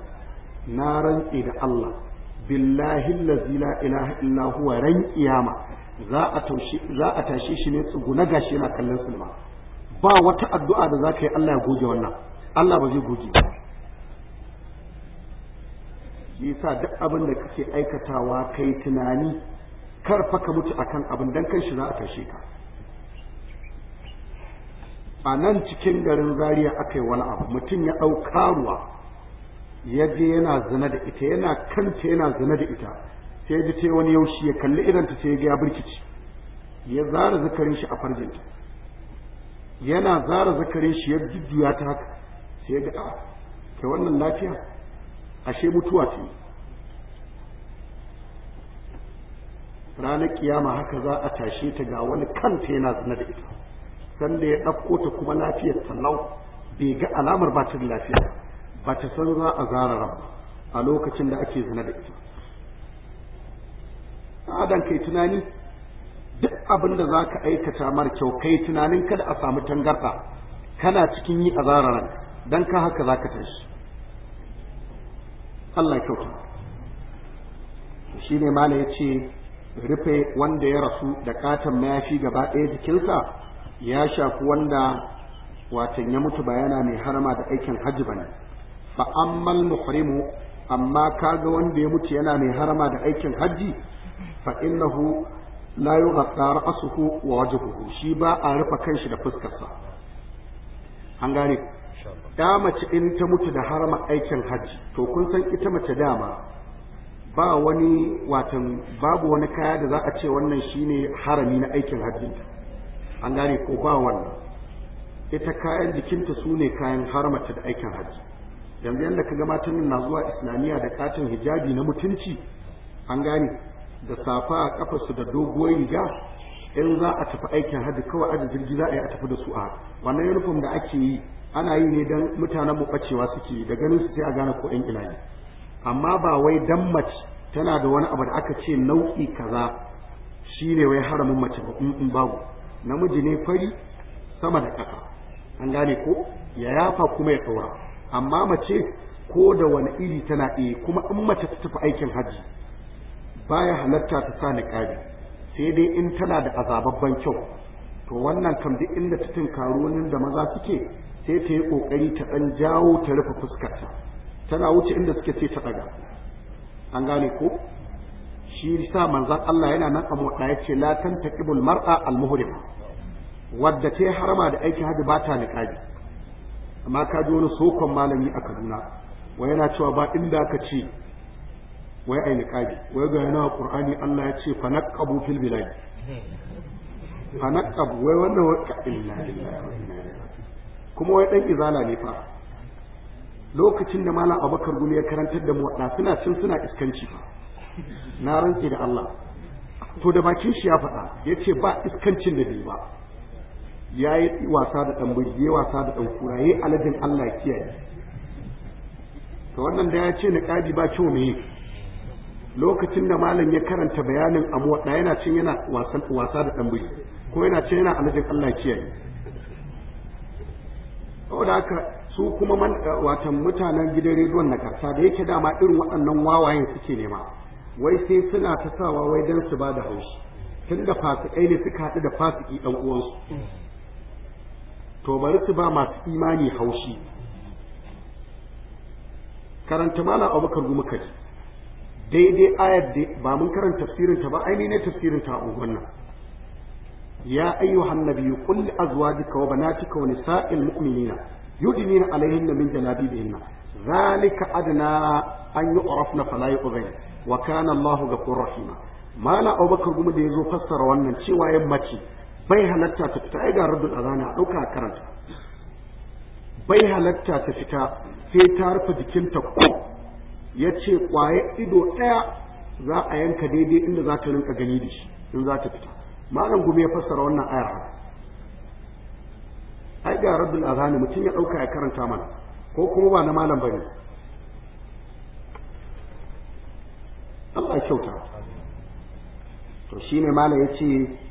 na rantse da Allah billahi allazi la ilaha illa huwa ran kiyama za a tashi za a tashi shi ne tsuguna gashi yana kallon sulma ba wata addu'a da zaka yi Allah ya goge wannan Allah ba zai goge ba shi yasa duk abin da kake aikatawa kai tunani kar fa ka mutu akan abin dan kan shi za a tashe ka a nan cikin garin zaria aka yi wani abu mutum ya ɗau karuwa ya je yana zina da ita yana kanta yana zina da ita sai ya ji ta wani yaushi ya kalli idanta sai ya ga ya birkici ya zara zakarin shi a farjinta yana zara zakarin shi ya jujjuya ta haka sai ya ga a ah, ke wannan lafiya ashe mutuwa ce ranar kiyama haka za a tashe ta ga wani kanta yana zina da ita sanda ya ɗauko ta kuma lafiyar tallau bai ga alamar ba ta da lafiya ba ta san za a zara ran a lokacin da ake zina da ita adan kai tunani duk abin da za ka aikata mar kyau kai tunanin kada a samu tangarɗa kana cikin yi a zara ran don ka haka za ka tashi Allah ya kyauta shi ne mala ya ce rufe wanda ya rasu da katon mayafi gaba ɗaya jikinsa ya shafi wanda watan ya mutu ba yana mai harama da aikin hajji ba ne fa ammal muhrimu amma kaga wanda ya mutu yana mai harama da aikin hajji fa innahu la yughatta ra'suhu wa wajhuhu shi ba a rufa kanshi da fuskarsa an gane da mace in ta mutu da harama aikin hajji to kun san ita mace dama ba wani watan babu wani kaya da za a ce wannan shine harami na aikin hajjinta an gane ko ba wannan ita kayan jikinta su ne kayan haramata da aikin hajji yanzu yadda ka tunin na zuwa islamiyya da katin hijabi na mutunci an gane da safa a kafarsu da doguwar riga in za a tafi aikin hajji kawai aji jirgi za a yi a tafi da su a wannan yunifom da ake yi ana yi ne don mutanen mu bacewa suke da ganin su sai a gane ko yan ina amma ba wai dan mace tana da wani abu da aka ce nau'i kaza shine wai haramin mace ba in babu namiji ne fari sama da ƙasa an gane ko ya yafa kuma ya kaura amma mace ko da wani iri tana iya kuma in mace ta tafi aikin hajji baya halatta ta sa niqabi sai dai in tana da azababban kyau to wannan kam duk inda ta tinkaro nan da maza suke sai ta yi kokari ta dan jawo ta rufe fuskarta tana wuce inda suke ce ta daga an gane ko shi sa manzan Allah yana nan abu da yace la tantaqibul mar'a al wadda ta harama da aikin hajji ba ta niqabi amma ka ji wani sokon malami a kaduna wai yana cewa ba inda aka ce wai a yi niqabi wai ga yana qur'ani Allah ya ce fa naqabu fil bilad fa wai wannan wai ka illa kuma wai dan izala ne fa lokacin da malam abubakar gumi ya karantar da mu suna cin suna iskanci fa na rantsi da Allah to da bakin shi ya faɗa ya ce ba iskancin da bai ba ya yi wasa da ɗan ya ya wasa da ɗan kura ya yi alajin Allah kiyaye Ta wannan da ya ce niqabi ba ciwo me lokacin da malam ya karanta bayanin abu da yana cin yana wasa da ɗan ko yana cin yana alajin Allah kiyaye saboda haka su kuma man watan mutanen gidan rediyon na karsa da yake dama irin waɗannan wawayen suke nema wai sai suna ta sawa wai don su ba da haushi tun da fasikai ne suka haɗu da fasiki ɗan uwansu to bari su ba masu imani haushi karanta mala abubakar gumi kaji daidai ayat da ba mun karanta tafsirin ta ba ai ne tafsirin ta unguwan nan ya ayyuhan nabiyyu qul li azwajika wa banatika wa nisa'il mu'minina yudnina alayhinna min jalabibihinna zalika adna an yu'rafna fala yu'zain wa kana allah ghafurur rahima mala abubakar gumi da yazo fassara wannan cewa yammaci bai halatta ta fita ai ga raddul da a ɗauka a karanta bai halatta ta fita sai ta rufe jikinta ko ya ce ƙwaye ido ɗaya za a yanka daidai inda za ta rinka gani da shi in za ta fita malam gumi ya fassara wannan ayar haka ai ga da azani mutum ya ɗauka ya karanta mana ko kuma ba na malam bane Allah ya kyauta to shine malam yace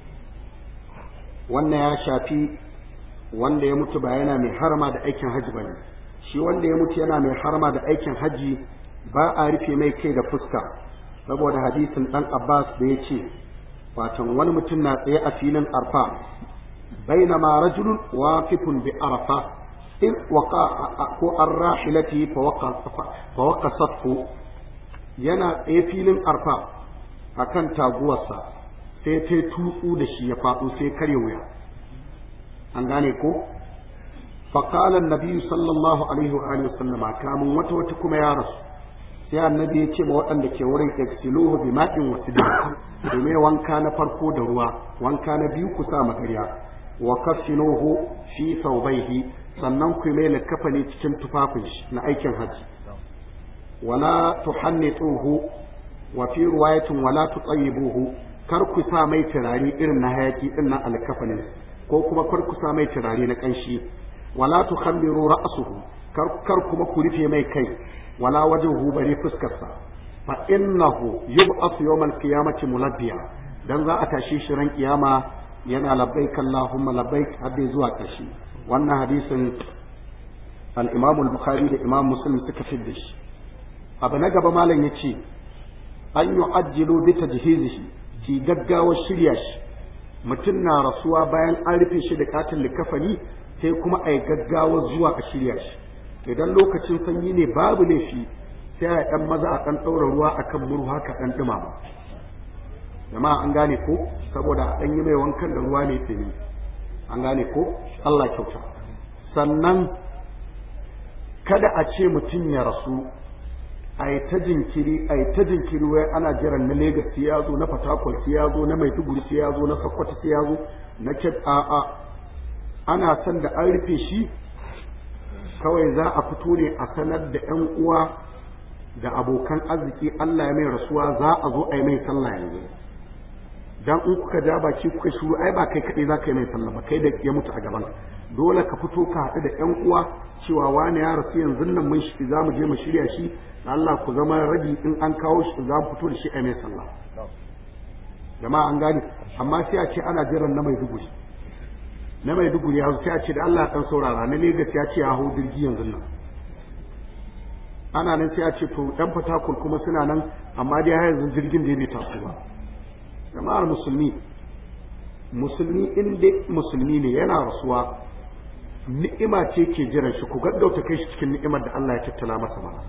wannan ya shafi wanda ya mutu ba yana mai harma da aikin haji ne shi wanda ya mutu yana mai harma da aikin haji ba a rufe mai kai da fuska saboda hadisin dan Abbas da ya ce watan wani mutum na tsaye a filin arfa bainama rajulun waqifun bi arfa in waqa ko arrahilati fa waqa fa yana tsaye filin arfa a kan taguwarsa sai ta tutsu da shi ya faɗo sai karya wuya an gane ko فقال sallallahu alaihi الله عليه وآله sallama. Kamun wata wata kuma ya rasu. sai annabi ya ce ma waɗanda ke wurin exiluhu bi ma'in wasidin domin wanka na farko da ruwa wanka na biyu ku sa magarya wa kafinuhu fi saubaihi sannan ku mai ne cikin tufafin shi na aikin haji wala tuhannituhu wa fi ruwayatin wala tutayyibuhu kar ku sa mai turare irin na hayaki din na alkafani ko kuma kar ku sa mai turare na kanshi wala tukhammiru ra'suhu kar kar kuma ku rufe mai kai wala wajen bari fuskarsa fa innahu yub'ath yawmal qiyamati mulabbiya dan za a tashi shi ran kiyama yana labbaik allahumma labbaik hadde zuwa kashi wannan hadisin al-imam al-bukhari da imam muslim suka fidda shi abu na gaba malam yace an yu'ajjilu bi tajhizihi ki gaggawar shirya shi mutum na rasuwa bayan an rufe shi da katin likafani sai kuma a yi gaggawar zuwa a shirya shi idan lokacin sanyi ne babu laifi sai a ɗan maza a ɗan ɗaura ruwa a kan murhu haka ɗan ɗumama jama'a an gane ko saboda a ɗan yi mai wankan da ruwa ne ne, an gane ko Allah kyauta sannan kada a ce mutum ya rasu a yi ta jinkiri a yi ta jinkiri wai ana jiran na Legas sai ya zo na Fatakwal sai ya zo na Maiduguri sai ya zo na Sokoto sai ya zo na a a'a ana san da an rufe shi kawai za a fito ne a sanar da 'yan uwa da abokan arziki Allah ya mai rasuwa za a zo a yi mai sallah yanzu dan in kuka ja baki kuka shuru ai ba kai kaɗai za ka yi mai sallah ba kai da ya mutu a gaban dole ka fito ka haɗu da ƴan uwa cewa wani ya rasu yanzu nan mun shi za mu je mu shirya shi Allah ku zama rabi in an kawo shi za mu fito da shi a mai sallah jama'a an gane amma sai a ce ana jiran na mai duguri na mai duguri ya sai a ce da Allah kan saurara na sai ya ce ya hau jirgi yanzu nan ana nan sai a ce to dan fatakul kuma suna nan amma dai har yanzu jirgin da bai taso ba jama'ar musulmi musulmi in dai musulmi ne yana rasuwa ni'ima ce ke jiran shi ku gaggauta kai shi cikin ni'imar da Allah ya tattala masa mana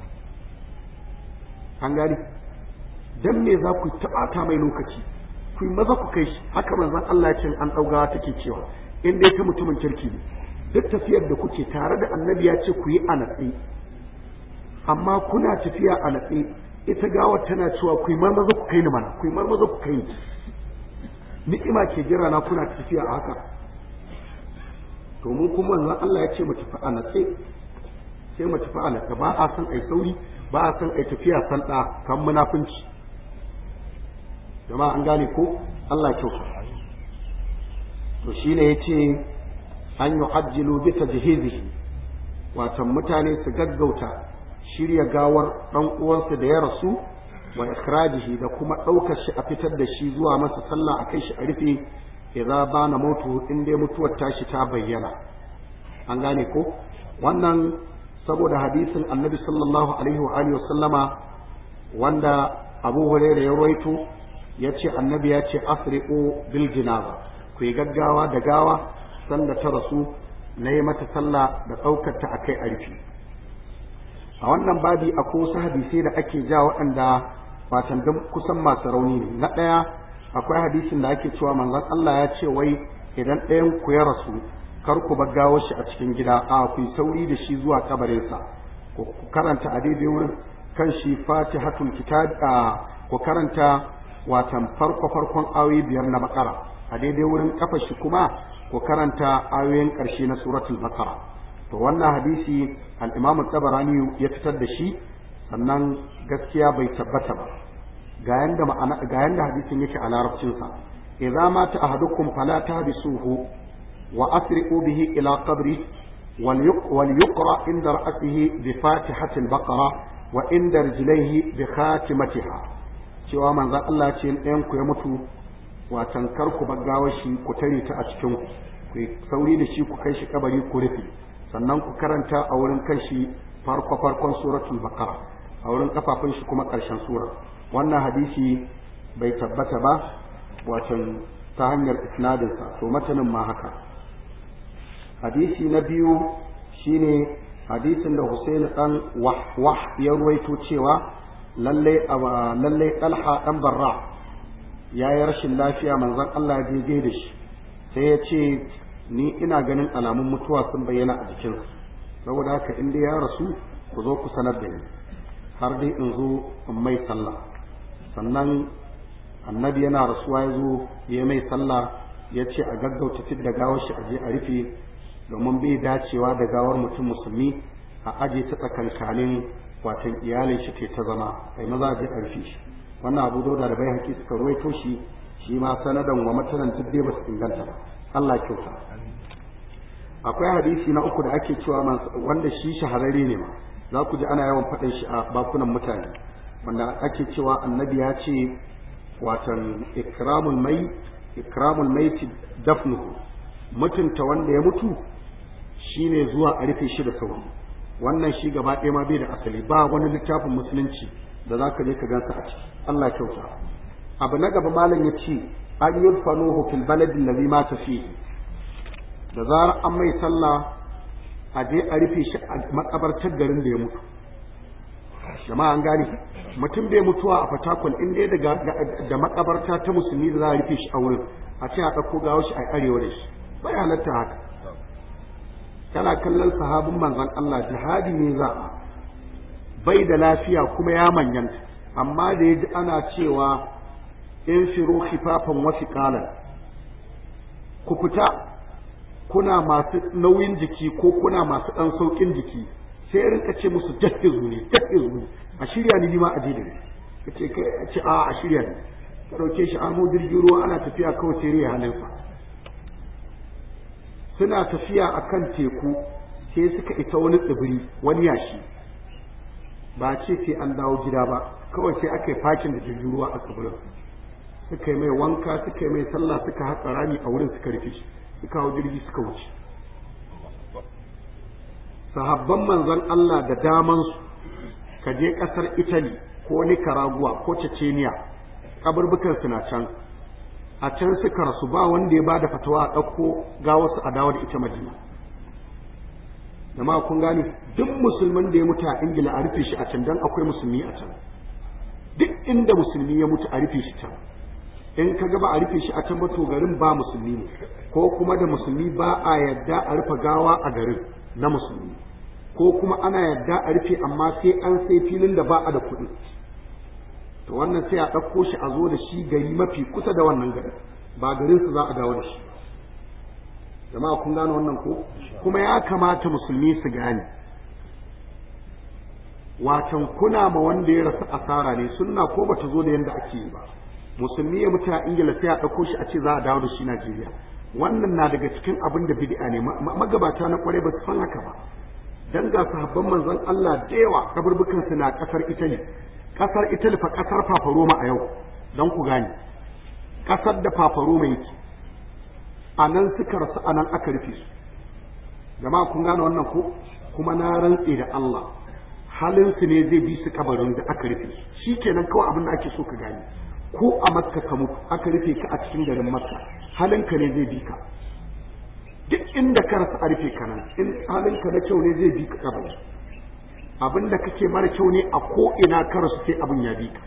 an gani dan me za ku tabata mai lokaci ku maza ku kai shi haka manzon Allah ya ce an dauga take cewa in dai ta mutumin kirki ne duk tafiyar da kuke tare da annabi ya ce ku yi a amma kuna tafiya a ita gawar tana cewa ku marmaza ku kai ni mana ku marmaza ku kai ni ni'ima ke jira na kuna tafiya a haka to mu kuma manzon Allah ya ce mu tafi a natse sai mu tafi a natse ba a san ai sauri ba a san ai tafiya sanda kan munafunci jama'a an gane ko Allah kyauta. to shine yace an yu'ajjilu bi tajhizihi watan mutane su gaggauta shirya gawar dan uwansa da ya rasu wa ikhrajihi da kuma ɗaukar shi a fitar da shi zuwa masa sallah a kai shi a rufe idza bana mutu in dai mutuwar tashi ta bayyana an gane ko wannan saboda hadisin annabi sallallahu alaihi wa alihi wasallama wanda abu hurairah ya rawaito yace annabi ya ce afriqu bil janaba ku yi gaggawa da gawa sanda ta rasu na yi mata sallah da ɗaukar ta akai a a wannan babi akwai wasu hadisai da ake ja waɗanda fatan kusan masu rauni ne na ɗaya akwai hadisin da ake cewa manzon Allah ya ce wai idan ɗayan ku ya rasu kar ku bar gawo shi a cikin gida a ku yi sauri da shi zuwa kabarinsa ku karanta a daidai wurin kan shi fatihatul kitab a ku karanta watan farko farkon ayoyi biyar na bakara a daidai wurin kafa shi kuma ku karanta ayoyin ƙarshe na suratul bakara to wannan hadisi al-imam tabarani ya fitar da shi sannan gaskiya bai tabbata ba ga yanda hadisin yake a larabcinsa sa idza mata ahadukum fala tahbisuhu wa asri'u bihi ila qabri وليقرأ عند رأسه بفاتحة البقرة وعند رجليه بخاتمتها cewa manzo Allah ce ɗayan ku ya mutu watan kar ku baggawa shi ku tare ta a cikin ku sauri da shi ku kai shi kabari ku rufe sannan ku karanta a wurin shi farko farkon suratul baqara a wurin kafafun shi kuma ƙarshen surar. wannan hadisi bai tabbata ba wato ta hanyar isnadinsa to matanin ma haka hadisi na biyu shine hadisin da Husaini dan wah ya ruwaito cewa lalle ah, lalle Talha dan Barra ya yi rashin lafiya manzon Allah ya je da shi sai ya ce ni ina ganin alamun mutuwa sun bayyana a su saboda haka inda ya rasu ku zo ku sanar da ni har dai in zo in mai sallah sannan annabi yana rasuwa ya zo ya mai sallah ya ce a gaggauta fit da gawar shi a je a rufe domin bai dacewa da gawar mutum musulmi a aje ta tsakankanin watan iyalin shi ke ta zama ai maza a je a rufe shi wannan abu dauda da bai haƙi suka ruwaito shi shi ma sanadan wa matanan duk dai basu inganta ba Allah kyauta akwai hadisi na uku da ake cewa wanda shi shahararre ne ma za ku ji ana yawan faɗin shi a bakunan mutane wanda ake cewa annabi ya ce watan ikramul mai ikramul maiti dafnuhu mutunta wanda ya mutu shine zuwa a rufe shi da sauri wannan shi gaba ɗaya ma bai da asali ba wani littafin musulunci da za ka je ka gansa a ciki Allah kyauta abu na gaba malam ya ce an yi yudfanuhu baladi baladin zima ta fi. da zarar an mai sallah a je a rufe shi a makabartar garin da ya mutu jama'an an mutum bai mutuwa a fatakul in dai da makabarta ta musulmi da za a rufe shi a wurin a ce a ɗauko ga shi a arewa da shi bai halatta haka Tana kallon sahabin manzan Allah jihadi ne za a bai da lafiya kuma ya manyanta amma da ya ji ana cewa in shiro kifafan wasu kalan ku fita kuna masu nauyin jiki ko kuna masu ɗan sauƙin jiki sai rinka ce musu dahiru ne dahiru a shirya ni ma a je da kace kai a ce a a shirya ni ka dauke shi amo jirgin ruwa ana tafiya kawai sai ya fa suna tafiya a kan teku sai suka ita wani tsibiri wani yashi ba ce sai an dawo gida ba kawai sai aka yi fakin da jirgin ruwa a tsibirin suka yi mai wanka suka yi mai sallah suka haƙa rami a wurin suka rufe shi suka hau jirgi suka wuce sahabban manzon Allah da damansu ka je ƙasar Italy ko Nicaragua ko Chechenia kaburbukan na can a can suka rasu ba wanda ya bada fatawa a ɗauko ga wasu a dawo da ita Madina jama'a kun gane duk musulman da ya mutu a Ingila a rufe shi a can dan akwai musulmi a can duk inda musulmi ya mutu a rufe shi can in ka gaba a rufe shi a can ba to garin ba musulmi ne ko kuma da musulmi ba a yadda a rufe gawa a garin na musulmi ko kuma ana yadda a rufe amma sai an sai filin da ba a da kuɗi to wannan sai a ɗauko shi a zo da shi gari mafi kusa da wannan garin ba garin su za a dawo da shi jama'a kun gane wannan ko kuma ya kamata musulmi su gane watan kuna ma wanda ya rasu asara ne sunna ko bata zo da yanda ake yi ba musulmi ya mutu a ingila sai a ɗauko shi a ce za a dawo da shi najeriya wannan na daga cikin abin da bid'a ne magabata na kware ba su san haka ba dan ga sahabban manzon Allah da yawa kaburbukan su na kasar Italy kasar Italy fa kasar Fafaroma a yau dan ku gane kasar da Fafaroma yake a nan suka rasu a nan aka rufe su jama'a kun gane wannan ko kuma na rantse da Allah halin su ne zai bi su kabarin da aka rufe su shikenan kawai abin da ake so ka gane ko a makka ka mutu aka rufe ka a cikin garin makka halinka ne zai bi ka duk inda ka rasa arfe ka nan in halinka na kyau ne zai bi ka kabari abin da kake mara kyau ne a ko ina ka rasu sai abin ya bi ka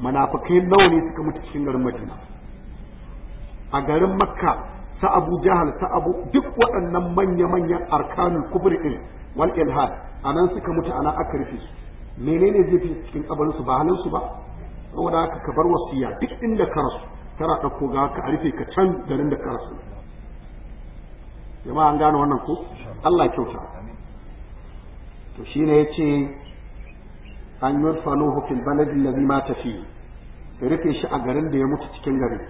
munafikai nawa ne suka mutu cikin garin Madina a garin Makka sa'abu Abu Jahal sa Abu duk waɗannan manya-manyan arkanul kubur din wal ilhad anan suka mutu ana aka rufe su menene zai fi cikin kabarin su ba halin su ba saboda haka ka bar wasiya duk inda ka rasu tara ɗauko ga ka a rufe ka can garin da ka rasu jama'a an gane wannan ko Allah kyauta to shine yace an hukin fil baladi alladhi ta fi rufe shi a garin da ya mutu cikin gari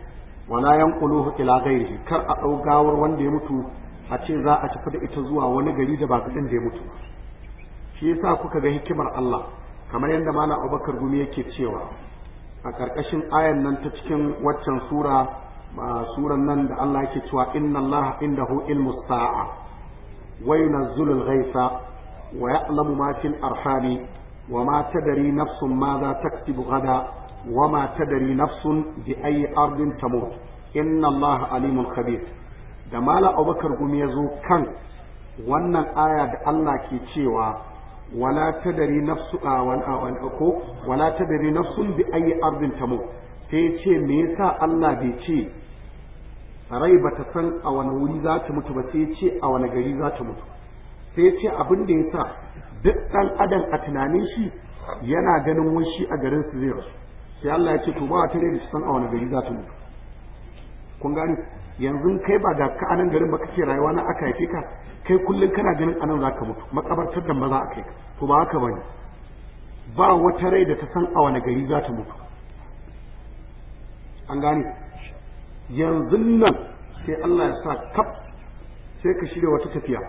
wala yanquluhu ila ghairihi kar a dau gawar wanda ya mutu a ce za a tafi da ita zuwa wani gari da ba garin da ya mutu shi yasa kuka ga hikimar Allah kamar yadda malam Abubakar Gumi yake cewa a ƙarƙashin ayan nan ta cikin waccan sura suran nan da Allah yake cewa inna Allah indahu ilmu sa'a wa yunazzilu al-ghaytha wa ya'lamu ma fil arhami wa ma tadri nafsun ma za taktibu gada wa ma tadri nafsun bi ayi ardin tamut inna Allah alimun khabir da mala Abubakar gumi ya zo kan wannan aya da Allah ke cewa wala tadari nafsu a wala ko wala tadari nafsun bi ayi ardin tamut sai ya ce me yasa Allah bai ce rai bata san a wani wuri za ta mutu ba sai ya ce a wani gari za ta mutu sai ya ce abin da ya sa duk ɗan adam a tunanin shi yana ganin wani shi a garin su zai rasu sai Allah ya ce to ba ta da san a wani gari za ta mutu kun gani yanzu kai ba da ka anan garin ba kake rayuwa na aka haife ka kai kullun kana ganin anan zaka mutu makabartar da maza akai ka to ba haka bane ba wata rai da ta san a wani gari za ta mutu an gane yanzu nan sai Allah ya sa kaf sai ka shirya wata tafiya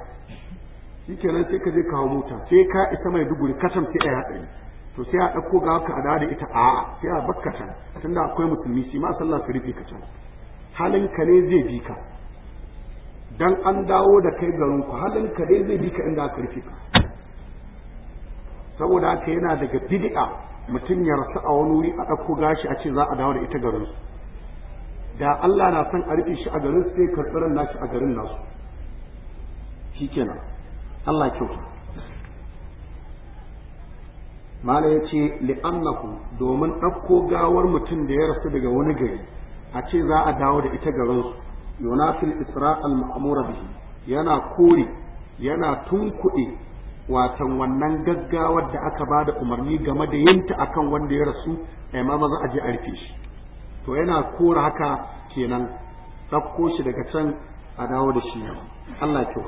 shikenan sai ka je kawo mota sai ka isa mai duguri kasam sai a haɗari to sai a ɗauko ga ka a da ita a sai a bakka can tunda akwai musulmi shi ma sallah su rufe ka can halinka ne zai bi ka dan an dawo da kai garin ku halinka ne zai bi ka inda aka rufe ka saboda haka yana daga bid'a mutum ya rasu a wani wuri a ɗauko gashi a ce za a dawo da ita garin da Allah na san a rufe shi a garin sai karɓaran nashi a garin nasu shikenan Allah kyauta mala ya ce li'annahu domin ɗauko gawar mutum da ya rasu daga wani gari a ce za a dawo da ita garinsu yunafil isra al ma'mura bihi yana kore yana tunkuɗe watan wannan gaggawar da aka ba da umarni game da yinta akan wanda ya rasu a za za a je a rufe shi to yana kora haka kenan ɗauko shi daga can a dawo da shi Allah kyau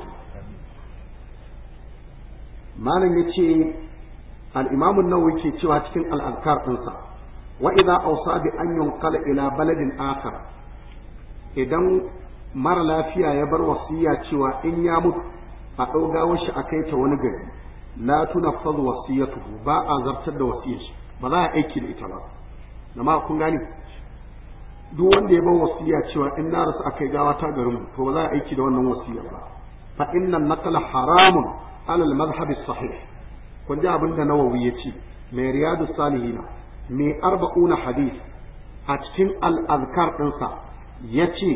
malam ya ce al'imamun nawa yake cewa cikin al'adkar ɗinsa wa idza awsa bi an yunqala ila baladin akhar idan mara lafiya ya bar wasiya cewa in ya mutu a ɗaugawar shi a kai ta wani gari la tunaffaz wasiyatuhu ba a zartar da wasiyar shi ba za a aiki da ita ba amma kun gane duk wanda ya bar wasiya cewa in na rasu akai gawa ta garin to ba za a aiki da wannan wasiyar ba fa inna naqla haramun ala al madhhab sahih kun ji abin da nawawi yace mai riyadu salihina mai arba'una hadis a cikin al'azkar ɗinsa ya ce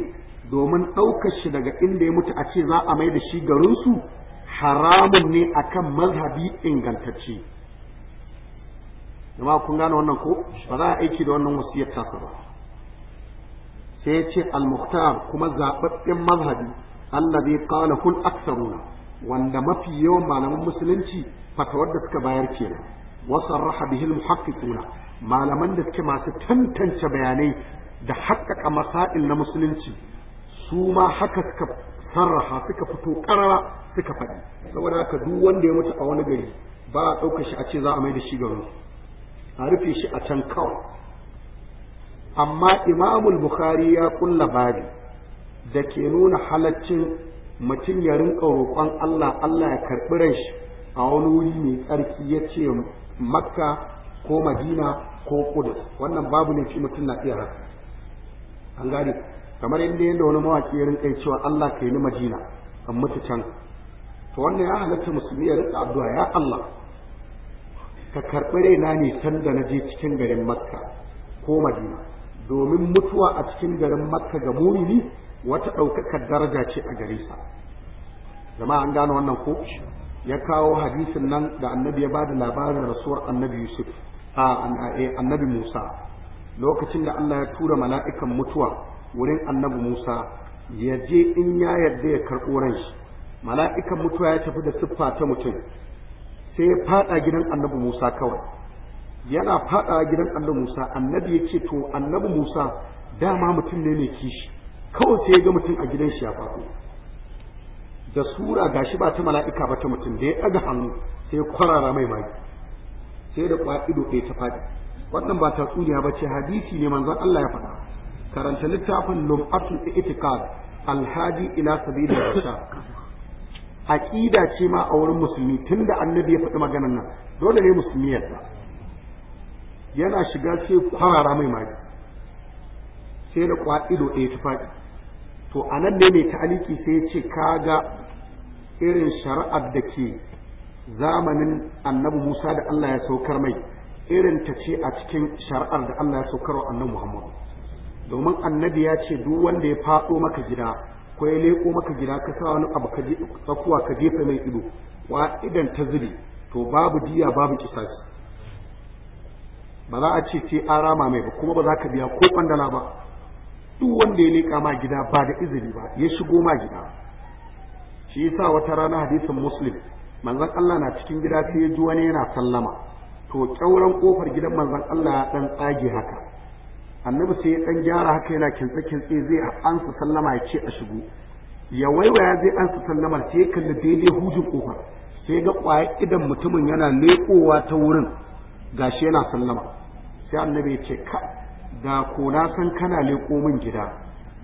domin ɗaukar shi daga inda ya mutu a ce za a mai da shi garinsu haramun ne akan mazhabi ingantacce jama kun gane wannan ko ba za a aiki da wannan wasiyar tasa ba sai ce al-muhtar kuma zaɓaɓɓen mazhabi Allah zai qala kul aksaruna wanda mafi yawan malaman musulunci fatawar da suka bayar kenan wa sarraha bihi al malaman da suke masu tantance bayanai da haƙƙaƙa masa'il na musulunci su ma haka suka sarraha suka fito ƙarara suka faɗi saboda haka duk wanda ya mutu a wani gari ba a ɗauka shi a ce za a mai da shi garin a rufe shi a can kawai amma imamul bukhari ya ƙulla babi da ke nuna halaccin mutum ya rinƙa roƙon allah allah ya karɓi ran shi a wani wuri mai tsarki ya ce makka ko madina ko kudus wannan babu ne fi mutum na iya haka an gane kamar yadda yadda wani mawaki ya rinka cewa Allah kai ni madina an mutu can to wannan ya halatta musulmi ya rinka addu'a ya Allah ka karɓi raina ne can da na je cikin garin makka ko madina domin mutuwa a cikin garin makka ga mumini wata ɗaukakar daraja ce a gare sa jama'a an gano wannan ko ya kawo hadisin nan da annabi ya ba da labarin rasuwar annabi yusuf Eh, annabi Musa lokacin da Allah ya tura mala'ikan mutuwa wurin annabi Musa ya je in ya yarda ya karɓo ran mala'ikan mutuwa ya tafi da siffa ta mutum sai ya faɗa gidan annabi Musa kawai yana faɗa gidan annabi Musa annabi ya ce to annabi Musa dama mutum ne mai kishi kawai sai ya ga mutum a gidan shi ya faɗo da sura gashi ba ta mala'ika ba ta mutum da ya ɗaga hannu sai ya kwarara mai magi sai da kwa ɗaya ta faɗi wannan ba tatsuniya ba ce hadisi ne manzon Allah ya faɗa karanta littafin lum'atul itikad alhadi ila sabilir rashad aqida ce ma a wurin musulmi tunda annabi ya faɗi maganar nan dole ne musulmi ya yana shiga sai farara mai mari sai da kwa ɗaya ta faɗi to anan ne mai ta'aliki sai ya ce kaga irin shari'ar da ke zamanin annabi Musa da Allah ya saukar mai irin ta ce a cikin shari'ar da Allah ya saukar wa annabi Muhammadu domin annabi ya ce duk wanda ya faɗo maka gida ko ya leko maka gida ka sa wani abu ka tsakuwa ka jefa mai ido wa idan ta zube to babu diya babu kisasi ba za a ce ce an rama mai ba kuma ba za ka biya ko kwandala ba duk wanda ya leka ma gida ba da izini ba ya shigo ma gida shi yasa wata rana hadisin muslim manzon Allah na cikin gida sai ya ji wani yana sallama to kyauran kofar gidan manzon Allah ya dan tsage haka annabi sai ya dan gyara haka yana kintsa kintsa zai ansa sallama ya ce a shigo ya waiwaya zai ansa sallamar sai ya kalli daidai hujin kofar sai ga kwaya idan mutumin yana leƙowa ta wurin gashi yana sallama sai annabi ya ce ka da ko na san kana leko min gida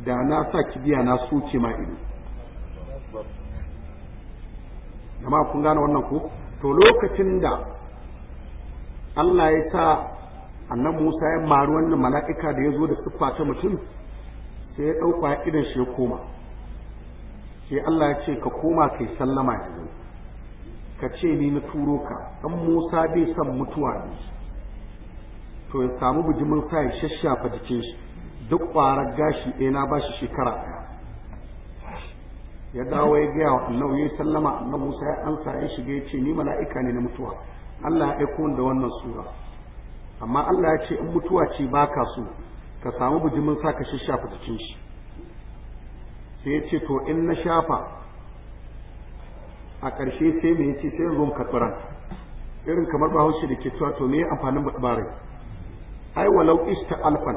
da na sa kibiya na soke ma ido amma kun gane wannan ku to lokacin da Allah ya sa annan Musa ya maru wannan mala'ika da ya zo da siffa ta mutum sai ya ɗauka idan shi ya koma sai Allah ya ce ka koma kai sallama yanzu ka ce ni na turo ka dan Musa bai san mutuwa ne to ya samu bijimin sa ya shashafa jikin shi duk ƙwarar gashi ɗaya na bashi shekara ya dawo ya gaya wa annabi ya sallama annabi Musa ya ansa ya shiga ya ce ni mala'ika ne na mutuwa Allah ya aiko da wannan sura amma Allah ya ce in mutuwa ce baka so ka samu bijimin sa ka shafa cikin shi sai ya ce to in na shafa a ƙarshe sai me yace sai zo ka tsiran irin kamar bahaushe da ke cewa to me amfanin bare ai walau ista alfan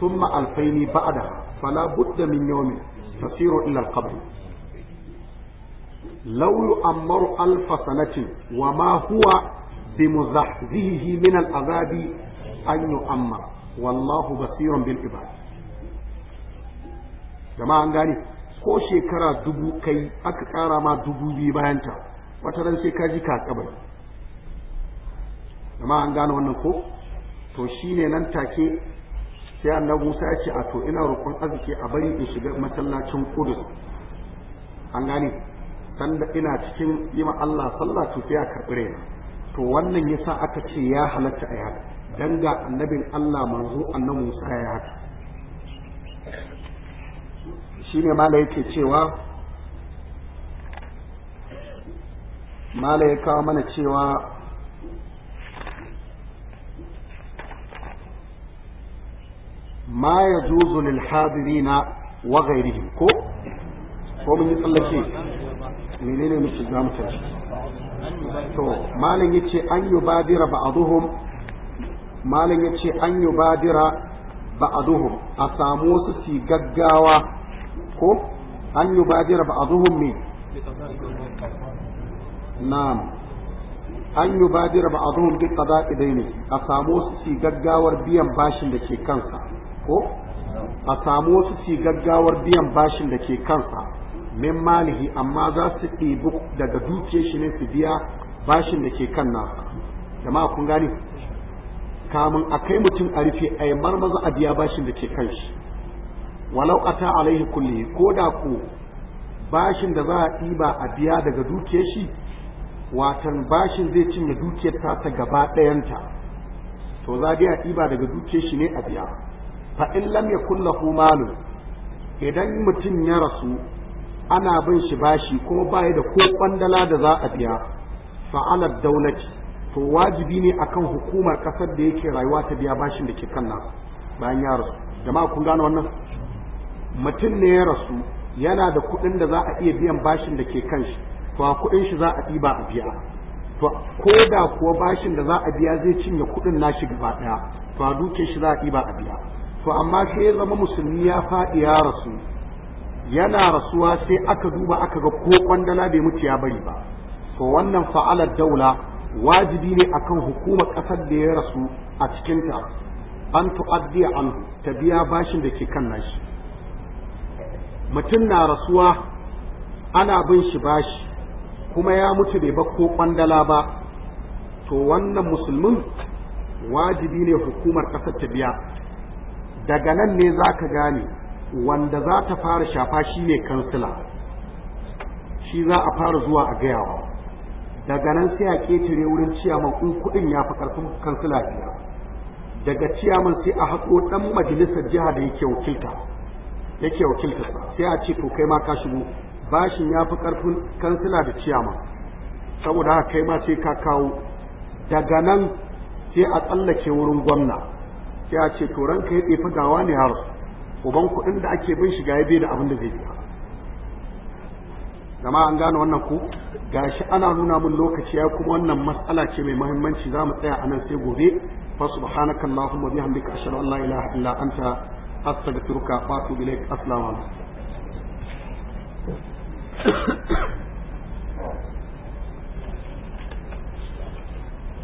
thumma alfaini ba'da fala budda min yawmin tasiru ila al lauyu يؤمر alfa sanatin wa ma huwa من muzahzihi أن يؤمر والله بصير wallahu جماعة bil an gane ko shekara dubu kai aka kara ma dubu biyu bayan ta wata ran sai ka ji ka kabari amma an gane wannan ko to shine nan take sai annabi Musa ya ce a to ina roƙon azuke a bari in shiga masallacin Qudus an gane sanda ina cikin yi Allah sallah to sai a karɓi to wannan yasa aka ce ya halatta a yaka dan ga annabin Allah manzo annabi Musa ya haka shine mala yake cewa mala ya kawo mana cewa ma yajuzu lil hadirina wa ko ko mun yi tsallake menene mu za mu tashi to malam yace an yubadira ba'aduhum malin yace an yubadira ba'aduhum a samu wasu su gaggawa ko an yubadira ba'aduhum me na'am an yubadira ba'aduhum bi qada'i dayni a samu wasu su gaggawar biyan bashin da ke kansa ko a samu wasu su gaggawar biyan bashin da ke kansa min malihi amma za su ɗibi daga dukiyar shi ne su biya bashin da ke kan nasa jama'a kun gane kamun a kai mutum a rufe a yi marmaza a biya bashin da ke kan shi walau a ta alaihi kulli ko da ko bashin da za a ɗiba a biya daga dukiyar shi watan bashin zai cinye dukiyar ta gaba ɗayanta to za a ɗiba daga dukiyar shi ne a biya fa in lam yakun idan mutum ya rasu ana bin shi bashi kuma baya da ko kwandala da za a biya fa'alar daulati to wajibi ne akan hukumar kasar da yake rayuwa ta biya bashin da ke kan nan bayan ya rasu jama'a kun gane wannan mutum ne ya rasu yana da kuɗin da za a iya biyan bashin da ke kan shi to a kuɗin shi za a ɗiba a biya to ko da kuwa bashin da za a biya zai cinye kuɗin nashi gaba ɗaya to a duke shi za a ɗiba a biya to amma sai ya zama musulmi ya faɗi ya rasu yana rasuwa sai aka duba aka ga ko kwandala bai mutu ya bari ba to wannan fa'alar daula wajibi ne akan hukumar kasar da ya rasu a cikinta an tu'addi an ta biya bashin da ke kan nashi mutum na rasuwa ana bin shi bashi kuma ya mutu bai ba ko kwandala ba to wannan musulmin wajibi ne hukumar kasar ta biya daga nan ne za ka gane wanda za ta fara shafa shi ne kansila shi za a fara zuwa a gayawa daga nan sai a ketare wurin ciyaman in kuɗin ya fi ƙarfin kansila biyar daga ciyaman sai a haƙo ɗan majalisar jiha da yake wakilta yake wakilta sai a ce to kai ma ka shigo bashin ya fi ƙarfin kansila da ciyaman saboda haka kai ma sai ka kawo daga nan sai a tsallake wurin gwamna sai a ce to ranka ya ɗefi gawa ne har uban kuɗin da ake bin shiga ya bai da abin da zai biya zama an gane wannan ku ga shi ana nuna mun lokaci ya kuma wannan matsala ce mai muhimmanci za mu tsaya a nan sai gobe fa subhanaka allahumma bihamdika ashhadu an la ilaha illa anta astaghfiruka wa atubu ilaik assalamu alaikum